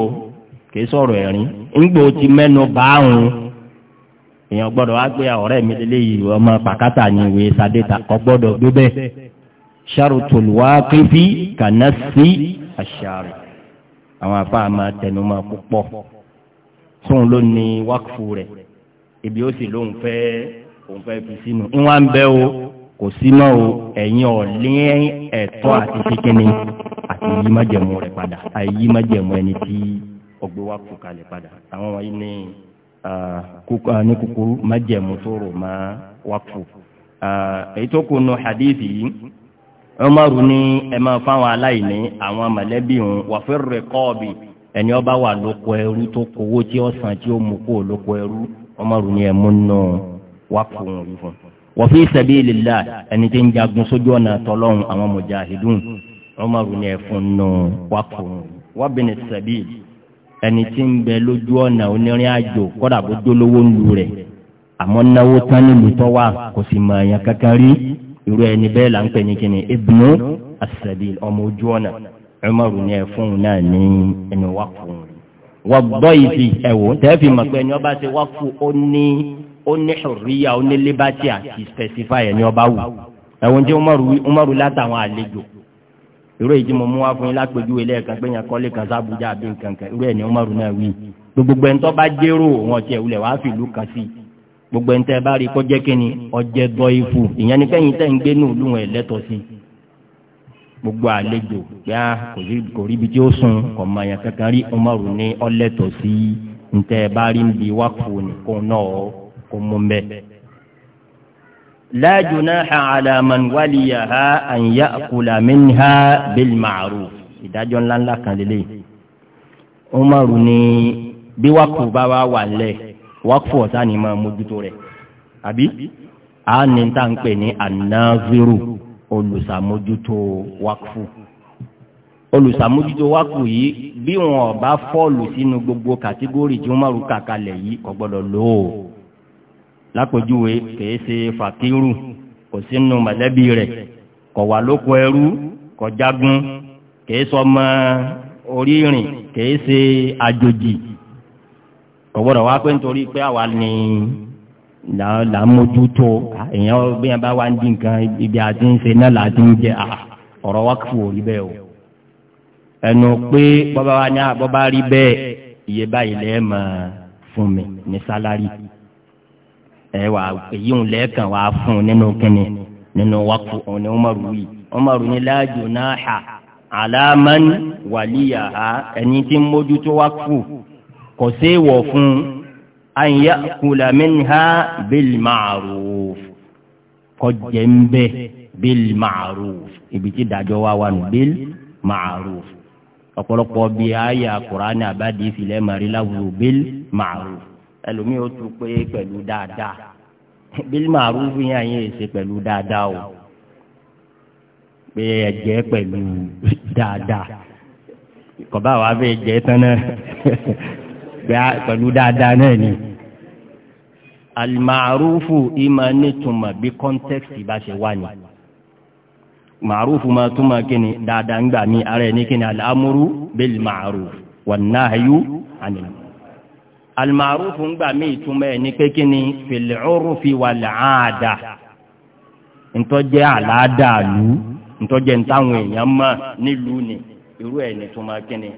kì í sọ̀rọ̀ ẹ̀rín ńgbò ti mẹ́nu bá òun èèyàn gbọ́dọ̀ wá pé ọ̀rẹ́ mi lélẹ́ yìí ọmọ pàkátà ni ìwé sadéta kò gbọ́dọ̀ gbé bẹ́ẹ̀ sharutul waqifi kanasi àwọn àfa àmà tẹnumọ́ púpọ̀ tóun ló ní wákùfù rẹ̀ ibi ó sì lóun fẹ́ òun fẹ́ fi sínú ìwọ̀n à ń bẹ́ o kò sí mọ́ o ẹ̀yin ọ̀lẹ́ ẹ̀tọ́ àti kíkíni àti yí májẹ̀mú rẹ̀ padà àyí májẹ̀mú ẹni tí ọgbẹ́ wákùfù kalẹ̀ padà àwọn wọ̀nyí ní ní kúkúrú májẹ̀mú tó rò má wákùfù èyí tó kù nù hadith yìí Umaru ní ẹ máa fáwọn aláìní àwọn mọ̀lẹ́bí òun wàfẹ́ rẹ̀ kọ́ọ̀bì ẹni ọba wà lóko ẹrú tó kówó tí ọ san tí ó mú kó lóko ẹrú ọmọrù ni mú nù wá fún un fún wa fi ẹni tí ń jagun sójú ọ̀nà tọ́lọ́hún àwọn mujahidun fún nù wá fún un ẹni tí bẹ lójú ọ̀nà àjò kọ́dà bó dólówó ń lu rẹ̀ àmọ́ náwó tán nílùú tó ẹni bẹ́ẹ̀ là ń ní kíni Umaru ní ẹ fún un náà ní ẹni wákù wọ́gbọ́ ìfì ẹ̀wò tẹ́fì mọ̀ pé ẹni ọba ṣe wákù ó ní ó ní ṣòríyà ó ní lébàtì àti specify ẹni ọba wù ẹ̀wọ̀n tí Umaru Umaru látàwọn àlejò irú èyí tí mo mú wá fún yín lápèjúwe lẹ́ẹ̀kan pé yẹn kọ́lé kan sábújá àbí nǹkan kan irú ẹ̀ ní Umaru náà wí gbogbo ẹ̀ ń tọ́ bá jérò wọn tiẹ̀ wulẹ̀ wàá fìlú kan sí gbogbo ẹ̀ tẹ́ bá rí kọjẹ́ kínní ọjẹ́ gbọ́ ifù ìyẹn ni kẹ́yìn tẹ́ ń gbé òlùwọ̀n ẹ̀ sí i gbogbo àlejò yá ah, kò ríbi tí ó sùn kò mọ àyàn kankan rí Umaru ní ọlẹ́tọ̀ sí ntẹ́ bá rí nbí wákò nìkan náà kò mú mbẹ́. La junaha ala man waliyaha an ya'kula minha bil ma'ruf ìdájọ́ ńláńlá kan lélẹ̀ Umaru ní bí wákò bá wà wà lẹ̀ wákò ọ̀sán ni máa mójútó rẹ̀ àbí àá ní ta ń pè ní anaziru olùsàmójútó wákùú olùsàmójútó wákùú yìí bí wọn bá fọ́ọ̀lù sínú gbogbo kàtígórì tí wọn márùn kàkalẹ̀ yìí kò gbọ́dọ̀ lò ó lápèjúwe kìí ṣe fàkírù kò sínú mọ̀lẹ́bí rẹ̀ kò wà lóko ẹrú kò jagun kìí sọmọ orí ìrìn kìí ṣe àjòjì kò gbọ́dọ̀ wá pé nítorí pé àwa ni là ń mójútó èèyàn bí wọn bá wá ń di nǹkan ibi àti ń ṣe náà láti ń jẹ ọ̀rọ̀ wákìfù ò rí bẹ́ẹ̀ o ẹnu pé bọ́bá wa ní àbọ́bá rí bẹ́ẹ̀ iye báyìí lẹ́ẹ̀ mọ̀ fún mi ní sálárì ẹ wà èyí ń lẹ́ẹ̀kan wá fún un nínú kínní nínú wákìfù òun ni wọ́n mọ̀ yìí láàjò náà hà àlámán wàlíyà ẹni tí ń mójútó wákìfù kò séèwọ̀ fún un an ya'kula minha bil ma'ruf kọjẹ ń bẹ bil ma'ruf ibi tí dájọ́ wa wà nù bil ma'ruf ọ̀pọ̀lọpọ̀ bí àyà kùránì àbádì ìfìlẹ̀ màríláwù bil ma'ruf ẹlòmíì ó tún pé pẹ̀lú dáadáa bil ma'ruf yẹn àyè èsè pẹ̀lú dáadáa o pé ẹ̀jẹ̀ pẹ̀lú dáadáa kọ̀bá wa bẹ́ẹ̀ jẹ́ tán náà. pé á pẹ̀lú dáadáa náà ni. alimaarufu ima nítumọ̀ bí kọ́ńtẹ́kìtì bá ṣe wà ní. maarufu ma túmọ̀ kíni dáadáa ń gbà mí ara ẹni kíni alamuru bil maaruf wan nahyu àní. alimaarufu ń gbà mí ìtumọ̀ ẹ̀ ní pé kíni fil urfi wal aada ntọ́jẹ́ àládàlú ntọ́jẹ́ ntáwọn èèyàn mọ̀ nílùú ni irú ẹ̀ ní túmọ̀ kíni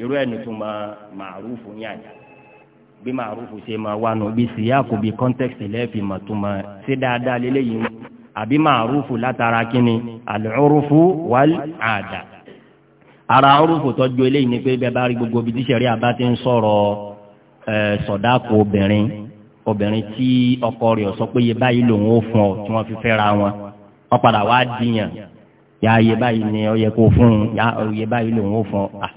irú ẹni tó máa màrúfù ní àjà bí màrúfù ṣe máa wà nù bí síyá kò bí context lẹ́ẹ̀fì mà tó máa ṣe dáadáa lélẹ́yìn àbí màrúfù látara kínni àlùrúfù wàl àdà ara rúfù tọ́jú eléyìí ni pé bẹ́ẹ̀ bá rí gbogbo ibi tí ti ń sọ̀rọ̀ sọ̀dáàkù obìnrin obìnrin tí ọkọ rẹ̀ sọ pé iye báyìí lòun ó fún ọ tí wọ́n fi fẹ́ra wọn wọ́n padà wá dìyàn ya iye báyìí ni ọ yẹ kó fún un ya iye báyìí lòun ó fún ọ ah,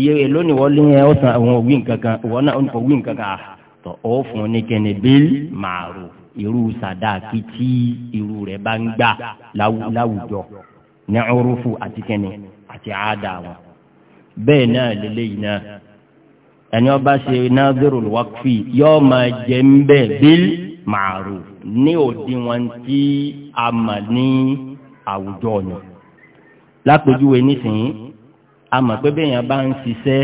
iye èló ni wọ́n lé ẹ ọ̀sán àwọn òwì nkankan wọ́n náà ń fọ òwì nkankan ah, tó ọ fún ní kẹ́ni bẹ́ẹ̀lì màrú irú sàdáàkì tí irú rẹ̀ bá ń gbà láwùjọ ní ọrùfù àti kẹ́ni àti àádá wọn. bẹ́ẹ̀ náà lélẹ́yìn náà ẹni ọba ṣe nàzẹ́rù wákfì yóò máa jẹ́ ń bẹ́ bẹ́ẹ̀lì màrú ní òdiwọ̀n tí a mà ní àwùjọ ni. lápèjúwe nísìnyí àmọ́ pé bẹ́ẹ̀yàn bá ń ṣiṣẹ́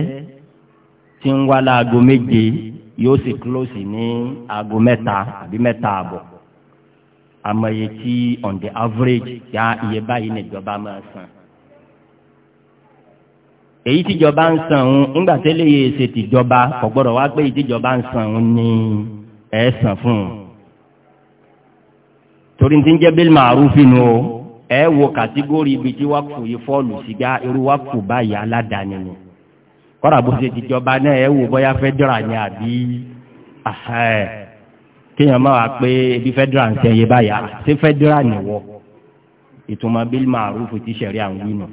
tí ń wá láago méje yóò sì close ní aago mẹ́ta àbí mẹ́ta àbọ̀ àmọ́ iye tí on the average ya iye báyìí níjọba máa san èyí tíjọba ń san òun ńgbà tẹ́lẹ̀ yìí ṣe tìjọba kò gbọ́dọ̀ wá pé èyí tíjọba ń san òun ní ẹ̀ẹ́sàn fún un torí ti ń jẹ́ bẹ́ẹ̀ màrúfin o ẹ wo kàtígórì ibi tí wákùú yìí fọ́ọ̀lù sígá irú wákùú báyìí aládàáni ni kọ́ra bó ṣe tìjọba náà ẹ wo bóyá federal ni àbí kéèyàn máa wà pé ibi federal ń tẹ̀yẹ báyà ṣé federal nìwọ ìtumọ̀ bíi màrúfù ti ṣẹ̀rí àwọn yìí nù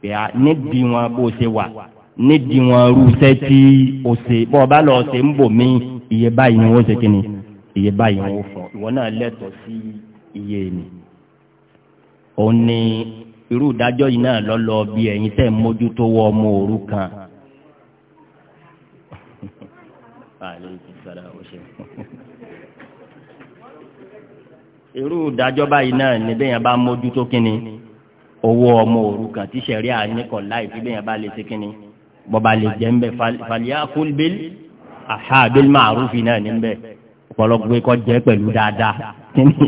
pé a nídìí wọn bó ṣe wà nídìí wọn rúṣẹ́ tí o ṣe bọ́ ọ bá lọ ṣe ń bò mí iye báyìí ni wọ́n ṣe kí ni iye báyìí ni wọ́n fọ́ ìwọ náà lẹ́tọ̀ọ́ sí iye ènìyàn òun ni irú ìdájọ́ yìí náà lọ́lọ́ bí ẹ̀yin tẹ́ mójútó wọ ọmọ òru kan. irú ìdájọ́ báyìí náà ni bẹ́ẹ̀ yẹn bá mójútó kínni owó ọmọ òru kan tí sẹ̀rí àníkọ̀ láì fi bẹ́ẹ̀ yẹn bá lè ṣe kínni bọ́ba lè jẹ́ ńbẹ fàlíyà kúlbìl àhà bíl màrúfì náà ní ńbẹ ọ̀pọ̀lọpọ̀ kọ́ jẹ́ pẹ̀lú dáadáa kínni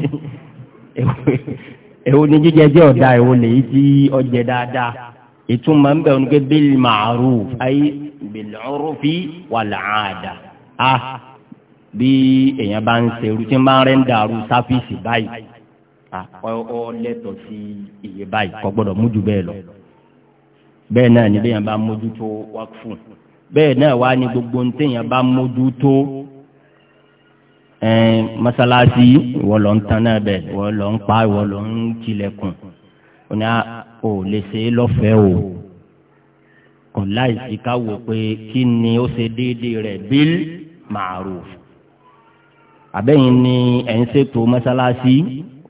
èwo ni jíjẹ jẹ́ ọ̀dà èwo lèyí tí ọjẹ́ dáadáa ìtumọ̀ ń bẹ̀ wọn gẹ́gẹ́ bil ma'ruf ayé bil urfi wal aada a bí èèyàn bá ń ṣe irú tí ń bá ń rẹ́ ń dàrú sáfíìsì báyìí ọ lẹ́tọ̀ọ́ sí iye báyìí kò gbọ́dọ̀ mójú bẹ́ẹ̀ lọ bẹ́ẹ̀ náà ni bẹ́ẹ̀ bá mójú wákùfù bẹ́ẹ̀ náà wá ní gbogbo ní téèyàn bá mójú tó ẹn masalasi ìwọ lọ ń tan náà bẹ ìwọ lọ ń pa ìwọ lọ ń o lè ṣe é lọ́fẹ̀ẹ́ o kò láìsí ká wò pé kí ni ó ṣe déédéé rẹ̀ bíl màrúf àbẹ́yìn ni ẹ̀ ṣètò masalasi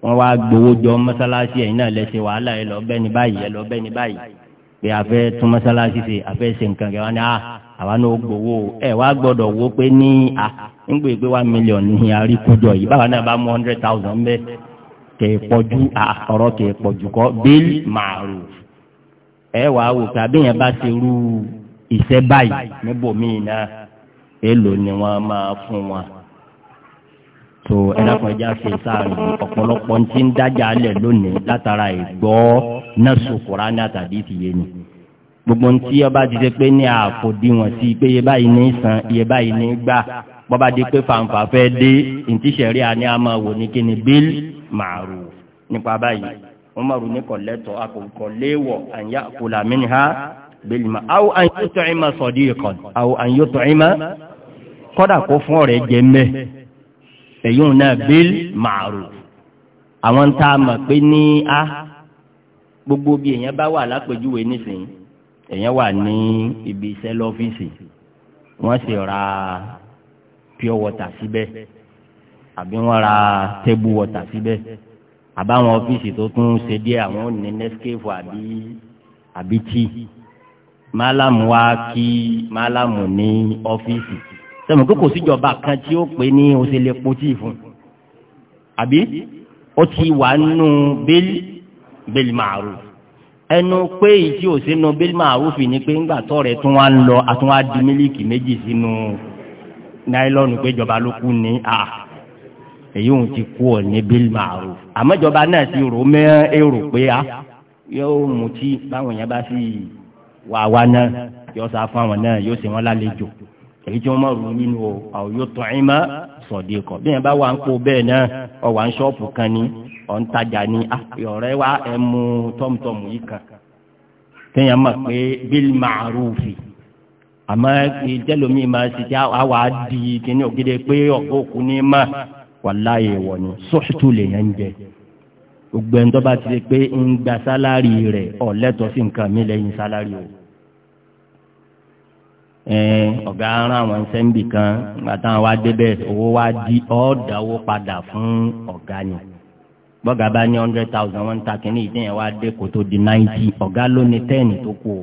wọ́n wá gbowó jọ masalasi ẹ̀yin náà lẹ́sẹ̀ wàhálà ẹ̀ lọ bẹ́ẹ̀ ni báyìí ẹ̀ lọ bẹ́ẹ̀ ni báyìí pé a tún masalasi ṣe a fẹ́ ṣe nǹkan kẹ́ wọ́n ní àwa náà gbowó ẹ̀ wá gbọ́dọ̀ wó pé ní a nígbà ìgbé one million ní àríkújọ yìí báwa náà bá mú hundred thousand bẹ́ẹ̀ kè é pọ̀jù ọ̀rọ̀ kè é pọ̀jù bill ma'ruf ẹ wàá wò ká bí yẹn bá ti rú iṣẹ́ báyìí níbòmíì náà èèlò ni wọ́n máa fún wọn tó ẹlẹ́kọ̀ọ́jà fi sáàrin ọ̀pọ̀lọpọ̀ ti ń dájà lẹ̀ lónìí látara ìgbọ́ náà sòkòrá ní àtàdé ti yé ni gbogbo ntí ọba ti ṣe pé ní àfòdì sí pé iye báyìí ní san iye báyìí ní gbà bọ́ba di pé fanfa fẹ́ dé ntíṣẹ̀rí àní a máa wò ní kíni bíl màrú nípa báyìí wọ́n máa rò ní kọ̀lẹ́tọ̀ akọ̀kọ̀ léwọ̀ àyà kùlà mí ha bíl ma aw an yut'ima sadiqan aw an yut'ima kọ́dà kó fún ọ̀rẹ́ jẹ mẹ́ èyí ò náà bíl màrú àwọn tá a mọ̀ pé ní a gbogbo bí èèyàn bá wà lápèjúwe nísìnyí èèyàn wà ní ibi iṣẹ́ lọ́fíìsì wọ́n sì ra pure water síbẹ̀ àbí wọ́n ra table water síbẹ̀ àbáwọn ọ́fíìsì tó tún ṣe díẹ̀ àwọn ní nescafe àbí àbí tea máàlámù wa kí máàlámù ní ọ́fíìsì sẹ́mi kókò síjọba kan tí ó pè ní o ṣe lè po tíì fún àbí ó ti wà nínú bẹ́ẹ̀lì bẹ́ẹ̀lì màrú ẹnu pé ìtí ò sínú bẹ́ẹ̀lì màrú fi ni pé ńgbà tọ́ rẹ̀ tún wá ń lọ àtúnwá di mílíkì méjì sínú. No náílọ́nù pé ìjọba ló kú ní a èyí òun ti kú ọ ní bíl màrú àmọ́ ìjọba náà ti rò mẹ́ èrò pé a yóò mú tí báwọn yẹn bá sì wà wá náà yóò sá fún àwọn náà yóò sì wọ́n lálejò èyí tí wọ́n mọ̀ rú nínú o àwọn yóò tọ́ ẹ mọ́ sọ̀dí kan bí yẹn bá wà ń kó bẹ́ẹ̀ náà ọ wà ń ṣọ́ọ̀pù kan ní ọ̀ ń tajà ní ọ̀rẹ́ wa ẹ mú tọ́mùtọ́mù yìí kan téèyàn mọ̀ pé bíl màrú fi àmọ́ ìjẹ́lómi máa ṣe tí a wà á di kíní ògidè pé ọ̀gá òkú ní mà wàláyé wọ̀ ni sọ́ọ̀tù lèyàn ń jẹ gbogbo ẹni tó bá ti pé ń gba sálárì rẹ̀ ọ̀lẹ́tọ̀ sí nǹkan mi lẹ́yìn sálárì o ọ̀gá ara àwọn sẹ́ńbì kan gbàtà wa débẹ̀ owó wa di ọ̀ọ́dáwó padà fún ọ̀gá ni bọ́gà bá ní hundred thousand one ta kìíní ìdíyẹn wa dé kó tó di ninety ọ̀gá ló ní ten tó kù o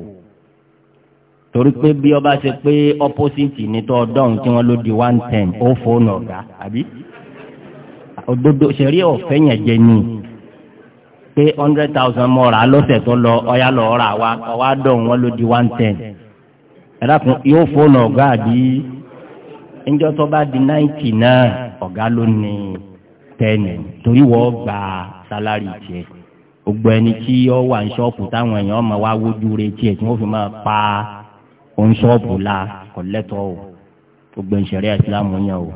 torí pé bí ọba ṣe pé opposite ní tọ́ ọdọ́run tí wọ́n ló di one ten ó fóònù ọ̀gá àbí òdodo ṣẹ̀rí ọ̀fẹ́ yẹn jẹ ní pé hundred thousand mọ́ra lọ́sẹ̀ tó lọ ọ̀yá lọ ọ̀rà wa ọ̀wá dọ̀hún wọ́n ló di one ten ẹ̀dá kan yóò fóònù ọ̀gá àbí ńjọ́ tó bá di ninety náà ọ̀gá ló ní ten torí wọ́n gba salary tiẹ̀ gbogbo ẹni tí ó wà ní ṣọ́ọ̀pù táwọn èèyàn máa wá wójú re tiẹ̀ tí wọ́n fi máa pa á ó ń ṣọ́ọ̀bù la kò lẹ́tọ̀ọ́ o gbogbo ìṣẹ̀rẹ́ ìsìlámù yẹn o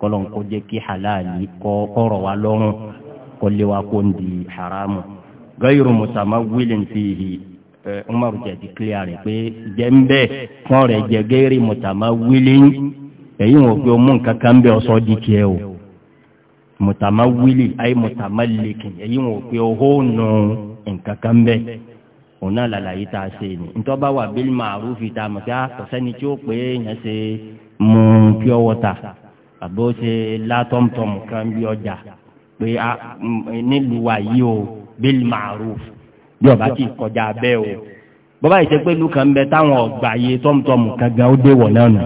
kọ́lọ̀ ń kó jẹ́ kí halali kọ́ kọ́rọ̀ wa lọ́rùn kó lé wa kó ń di haramu. gayru mutamawwilin fihi ẹ umaru jẹ̀dí kílíà rẹ̀ pé jẹ́ ń bẹ́ẹ̀ fún rẹ̀ jẹ́ gayru mutamawwilin èyí wọn fi mú nǹkan bẹ́ẹ̀ ọ̀sọ́ di tiẹ̀ o mutamawwili ay mutamallikin èyí wọn fi hóònù nǹkan bẹ́ẹ̀ ona náà làlàyé tá a ṣe ni ntọ́ba wà bílí màrú fi ta mọ̀ kí a kọ̀ sẹ́ni tí ó pè é yẹn ṣe mú pure water àbí ó ṣe látọ̀mtọ̀m kan bí ọjà pé a ah, nílùú wa yìí o bílí màrú bí ọba ti kọjá bẹ́ẹ̀ o bọ́bá yìí ṣe pé ìlú kan bẹ táwọn ọgbà yìí tọ́mtọ̀m kan gan ó dé wọ̀ náà nù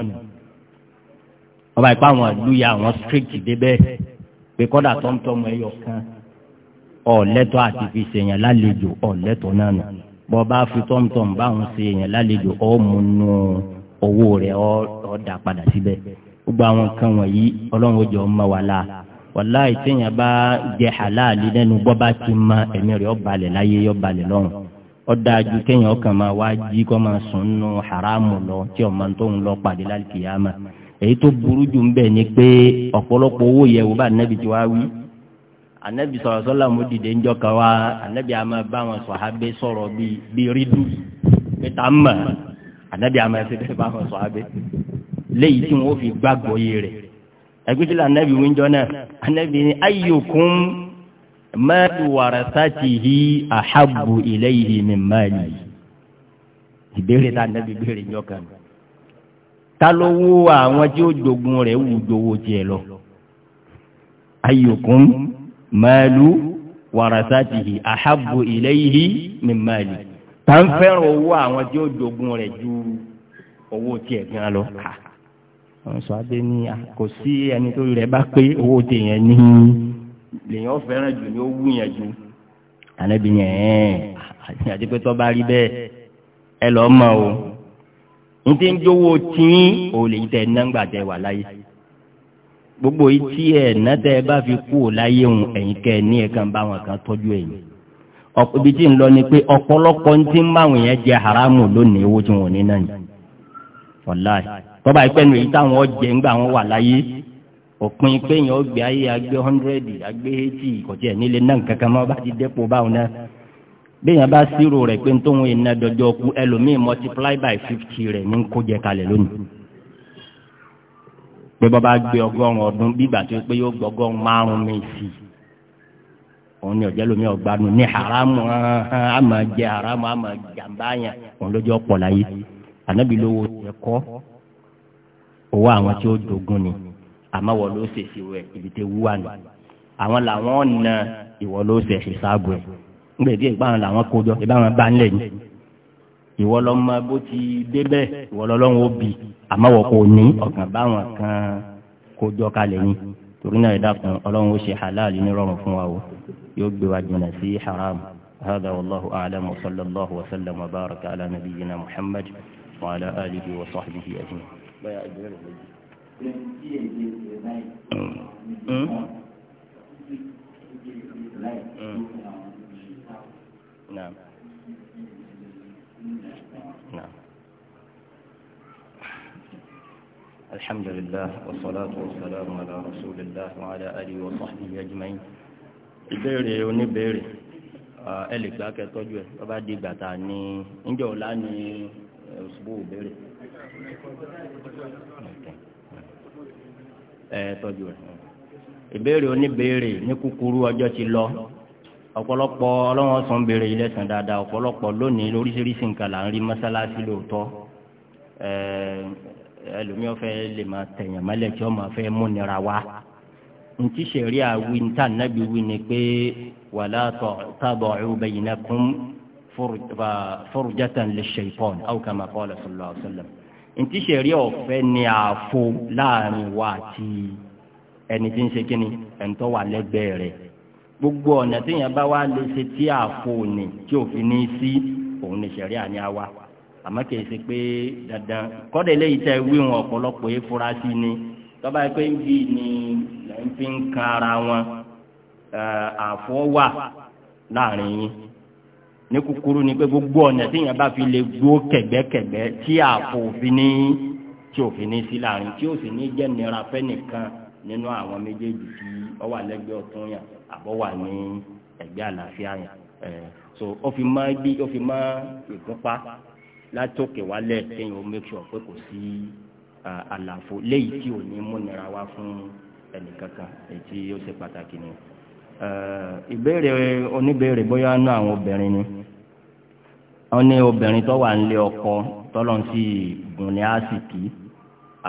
ọba ìpá àwọn ìlú ya àwọn strict débẹ̀ pé kọ́dà tọ́mtọ̀m ẹ̀yọ̀ kan ọ̀lẹ́tọ̀ àti fi ṣèyàn lálejò ọ̀lẹ́tọ̀ náà nù bọ́ba fi tọ́mtọ́m báwọn ṣe èèyàn lálejò ọ̀mù nù owó rẹ̀ ọ̀dà padà síbẹ̀ gbogbo àwọn nǹkan wọ̀nyí ọlọ́run ó jọ ọmọ wa la wàláì téèyàn bá jẹ ti ma ẹ̀mí rẹ̀ ó balẹ̀ láyé balẹ̀ ọkàn máa wá jí máa sùn nù haramu lọ tí tó ń lọ pàdé èyí tó burú jù ń bẹ̀ ni pé ọ̀pọ̀lọpọ̀ owó yẹ wo bá nẹ́bi ti anabi sọ̀rọ̀ sọ́la mo dìde ńjọ́ kan wá anabi àmà bá wọn sọ̀hábẹ́ sọ̀rọ̀ bíi rídù pété mà anabi àmà ẹsẹ̀ bá wọn sọ̀hábẹ́ léyìí tí wọn fi gbàgbọ́ yé rẹ̀ ẹgbẹ́tí la anabi wíńjọ náà anabi ni ayyukum malu warasatihi ahabu ilayhi min mali ìbéèrè tá anabi béèrè ńjọ́ kan ta àwọn tí ó jogun rẹ̀ wù jowó tiẹ̀ lọ ayyukum màálù warasatihi ahabu ilayhi min mali tá ń fẹ́ràn owó àwọn tí ó jogun rẹ̀ ju owó tiẹ̀ gan lọ. àwọn sọ abẹ́ ní kò sí ẹni tó rẹ̀ bá pé owó tiẹ̀ ní lèyàn fẹ́ràn jù ní ó wù yẹn jù. ànábi yẹn ẹ̀ àti pé tó bá rí bẹ́ẹ̀ ẹ lọ́ọ́ mọ̀ o. n ti ń jówó tí ò lè tẹ̀ náà gbàdẹ wà láyé gbogbo yìí tí ẹ̀ nàtẹ́ ẹ bá fi kú ò láyé òun ẹ̀yìn kẹ́ ẹ ní ẹ̀ kan bá wọn kan tọ́jú ẹ̀yìn ibi tí ń lọ ni pé ọ̀pọ̀lọpọ̀ ń tí ń máwùn yẹn jẹ haramu lónìí owó tí wọn ní náà ni wàláì tọ́ba ìpẹ́ nu èyí táwọn ọ̀jẹ̀ ńgbà wọn wà láyé òpin péyàn ọgbẹ ayé agbé hundred agbé eighty kọjá nílé náà kankan máa bá ti dépò báwọn náà béèyàn bá sírò rẹ̀ pé tóun iná dọjọ́ ku ẹlòmíì multiply by fifty rẹ̀ ní kó jẹ kalẹ̀ lónìí pé bọ́ bá gbé ọgọ́rùn ọdún bígbà tó pé yóò gbọ́ ọgọ́rùn márùn mi sí òun ni ọ̀jẹ́ lomi ọ̀gbanu ní haramu ama jẹ haramu ama jàmbá yẹn òun lójú ọ̀pọ̀ láyé ànábì lówó ẹ̀kọ́ owó àwọn tí ó dogun ni àmọ́ wọ́n ló ṣe ìṣirò ẹ̀ ibi tí wúwa nù àwọn làwọn ọ̀nà ìwọ ló ṣe ìṣàbù ẹ̀ ńgbèdé ìgbà wọn làwọn kó jọ ìbá wọn bá ń lẹ̀ yìí ìwọ lọ mọ bó ti débẹ̀ ìwọ lọ lọ́wọ́ bí àmọ́wọ́ kò ní ọ̀kan báwọn kan kó jọ kalẹ̀ ni torí náà ẹ̀dá kan ọlọ́run ó ṣe halal ní fún wa o yóò gbé wa jìnnà sí haram هذا والله أعلم وصلى الله وسلم وبارك على نبينا محمد وعلى آله وصحبه أجمعين نعم نعم الحمد لله والصلاة والسلام على رسول الله وعلى آله وصحبه أجمعين ìbéèrè oníbéèrè ẹlẹ́gbẹ́ akẹ́tọ́jú ẹ̀ bàbá di gbàtà ní ǹjẹ́ ọ̀la ní òṣùbù ìbéèrè ẹ̀ tọ́jú ẹ̀ ìbéèrè oníbéèrè ní kúkúrú ọjọ́ ti lọ ọ̀pọ̀lọpọ̀ ọlọ́wọ́n sọ ń béèrè ilé sàn dáadáa ọ̀pọ̀lọpọ̀ lónìí lóríṣiríṣi nǹkan là ń rí mọ́sálásí lóòótọ́ ẹlòmíì ọ̀fẹ́ lè máa tẹ̀yàn mọ́lẹ̀ tí ọmọ fẹ́ múnira wá ntí sẹ̀rí àwi níta nábì wí ni pé wàlá tada'u bainakum furjatan lish-shaytan aw kama qala sallallahu alaihi wasallam ntí sẹ̀rí ọ̀fẹ́ ni àfo láàrin wa àti ẹni tí ń ṣe kíni ẹ̀ńtọ́ wà lẹ́gbẹ̀ẹ́ rẹ̀ gbogbo ọ̀nà téèyàn bá wá lè ṣe tí àfo òní tí òfin ní sí òun ní sẹ̀rí àní àwa àmọ́ kì í ṣe pé dandan kọ́dà eléyìí tẹ́ wí wọn ọ̀pọ̀lọpọ̀ yìí fura sí ni tọ́ba yìí pé bí ni lẹ́ fi ń kan ara wọn àfọ́ wà láàrin yín ní kúkúrú ni pé gbogbo ọ̀nà téèyàn bá fi lè gbó kẹ̀gbẹ́kẹ̀gbẹ́ tí àfo òfin ní tí òfin ní sí láàrin tí ó ní jẹ́ nira fẹ́nìkan nínú àwọn méjèèjì tí ó wà lẹ́gbẹ̀ẹ́ ọ̀tún yàn àbọ̀ wà ní ẹ̀gbẹ́ àlàáfíà yẹn so ó fi máa bí ó fi máa ìgúnpá látòkè wálẹ̀ kéèyàn ó make sure pé kò sí àlàfo léyìí tí ò ní múnira wá fún ẹnìkankan ètí ó ṣe pàtàkì ni ìbéèrè oníbéèrè bóyá ná àwọn obìnrin ni wọn ní obìnrin tó wà nílé ọkọ tọ́lọ́n sí gùn ní àsìkí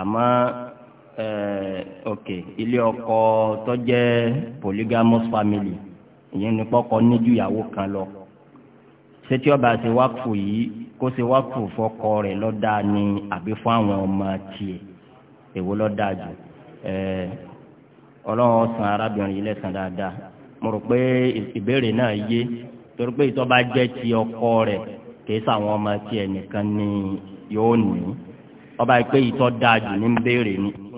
àmọ́. Eh, ok ilé ọkọ tó jẹ́ polygamous family ìyẹn ní pọ́kọ níjúyàwó kan lọ sétí ọba ṣe wákùú yìí kó ṣe wákùú fọ́kọ rẹ̀ lọ́dà ni àbí fún àwọn ọmọ tiẹ̀ èwo lọ́dà jù eh, ọlọ́run san arábìnrin yìí lẹ́sàn dáadáa mo rò pé ìbéèrè náà yé torí pé ìtọ́ bá jẹ́ ti ọkọ rẹ̀ kìí sàwọn ọmọ tiẹ̀ nìkan ni yóò ní ọba ìpè ìtọ́ dáa jù ní ń béèrè ni.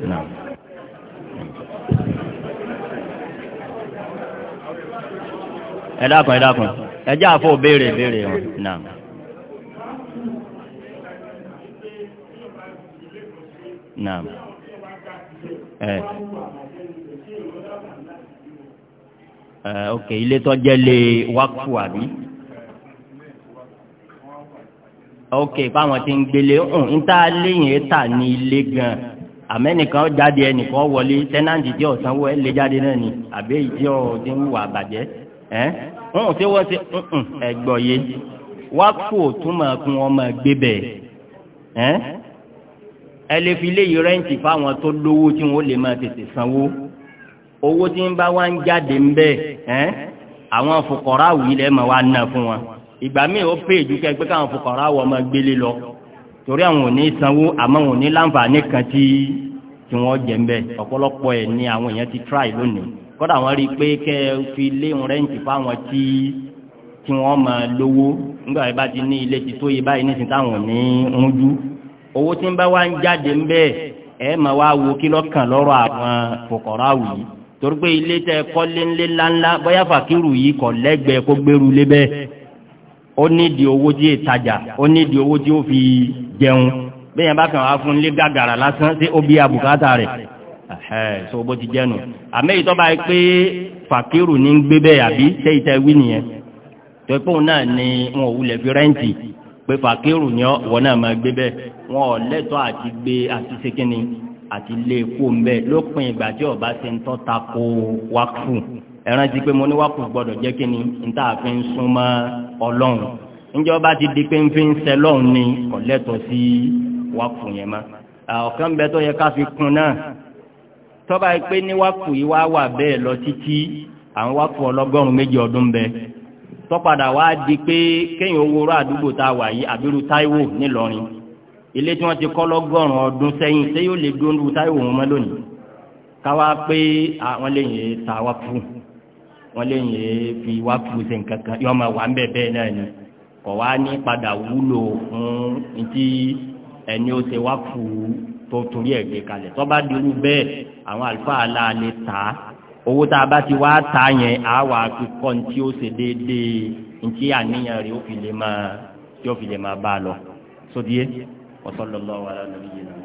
náà. ẹ dákun ẹ dákun ẹ jẹ́ àfọ béèrè béèrè wọn náà. náà. ẹ ẹ ok ilé tó jẹ́ wákù àbí. ok fáwọn tí ń gbélé ń ta léyìn ta ní ilé gan-an àmẹ́nìkan jáde ẹnìkan wọlé tẹ́nàǹtì tí ọ̀sánwó ẹ lè jáde náà ni àbí èyí tí ọ̀ọ́dín wà bàjẹ́ ẹ́ ń ṣé wọ́n ṣe ẹ̀gbọ́ yé wá kó túmọ̀ kún ọmọ gbé bẹ̀ ẹ́ ẹ lè fi ilé yìí rẹ́ǹtì fáwọn tó lówó tí wọ́n lè máa tètè sanwó owó tí ń bá wá ń jáde ń bẹ̀ ẹ́ àwọn fòkọ̀rá àwùjọ ẹ̀ máa wá ná fún wọn ìgbà míì ó pè é ju kẹgbẹ́ káwọn fòkọ̀rá torí àwọn ò ní sanwó àmọ́ wọn ò ní láǹfààní kan tí tí wọ́n jẹ ni àwọn èèyàn ti try lónìí kódà wọ́n rí i pé kẹ́ ẹ fi lé rẹ́ǹtì fáwọn tí tí wọ́n lówó nígbà yẹn bá ti ní ilé ti tó yẹ báyìí nísìnyí táwọn ò ní ń jú owó tí ń bá wá ń jáde ń bẹ́ẹ̀ ẹ máa wá wo kí lọ́kàn lọ́rọ̀ àwọn fòkọ̀ráwù torí pé ilé tẹ lé jẹun bẹ́ẹ̀ bá kàn wá fún lé gàgàrà lásán sí ó bí abùkátà rẹ̀ so bó ti jẹnu àmì ìtọ́ bá yẹ pé fàkírù ní gbé bẹ́ẹ̀ àbí ṣé ìtẹ́ wí nìyẹn tó pé òun náà ni wọn ò wulẹ̀ fi rẹ́ǹtì pé fàkírù ni wọn náà máa gbé bẹ́ẹ̀ wọn ò lẹ́tọ̀ọ́ àti gbé àti ṣékínni àti lé e kó ń bẹ́ẹ̀ lópin ìgbà tí ọba ti ń tọ́ ta ko wákùú ẹ̀rántí pé mo ní wákùú gbọ́dọ̀ jẹ́ kí ni ní tá a súnmọ́ ọlọ́run ǹjẹ́ ọba ti di pé ń fi ń sẹ lọ́hùn ni kò lẹ́tọ̀ọ́ sí wákù yẹn mọ́ ọ̀kan bẹ tó yẹ ká fi kún náà tọ́ba yìí pé ní wákù yìí wá wà bẹ́ẹ̀ lọ títí àwọn wákù ọlọ́gọ́rùn-ún méjì ọdún bẹ tọ́padà wá di pé kéèyàn owóró àdúgbò tá a wà yìí àbírú Táíwò nílọrin ilé tí wọ́n ti kọ́ lọ́gọ́rùn ọdún sẹ́yìn ṣé yóò lè dúró Táíwò wọn lónìí káwá pé àwọn lè yẹn ta wákù wọn lè yẹn fi wákù ṣe nǹkan kan yọ ọmọ wà ń bẹ̀ bẹ́ẹ̀ náà ni kọ̀ wá ní padà wúlò fún ntí ẹni ó ṣe wá fù ú tó torí ẹ̀ gbé kalẹ̀ tó bá dirú bẹ́ẹ̀ àwọn àlùfáà aláàlẹ́ ta owó tá a bá ti wá ta yẹn á wà á fi kọ́ ntí ó ṣe déédéé ntí àníyàn rẹ̀ ó fi lè máa bá a lọ sódìé wa sallallahu ala nabiyyina.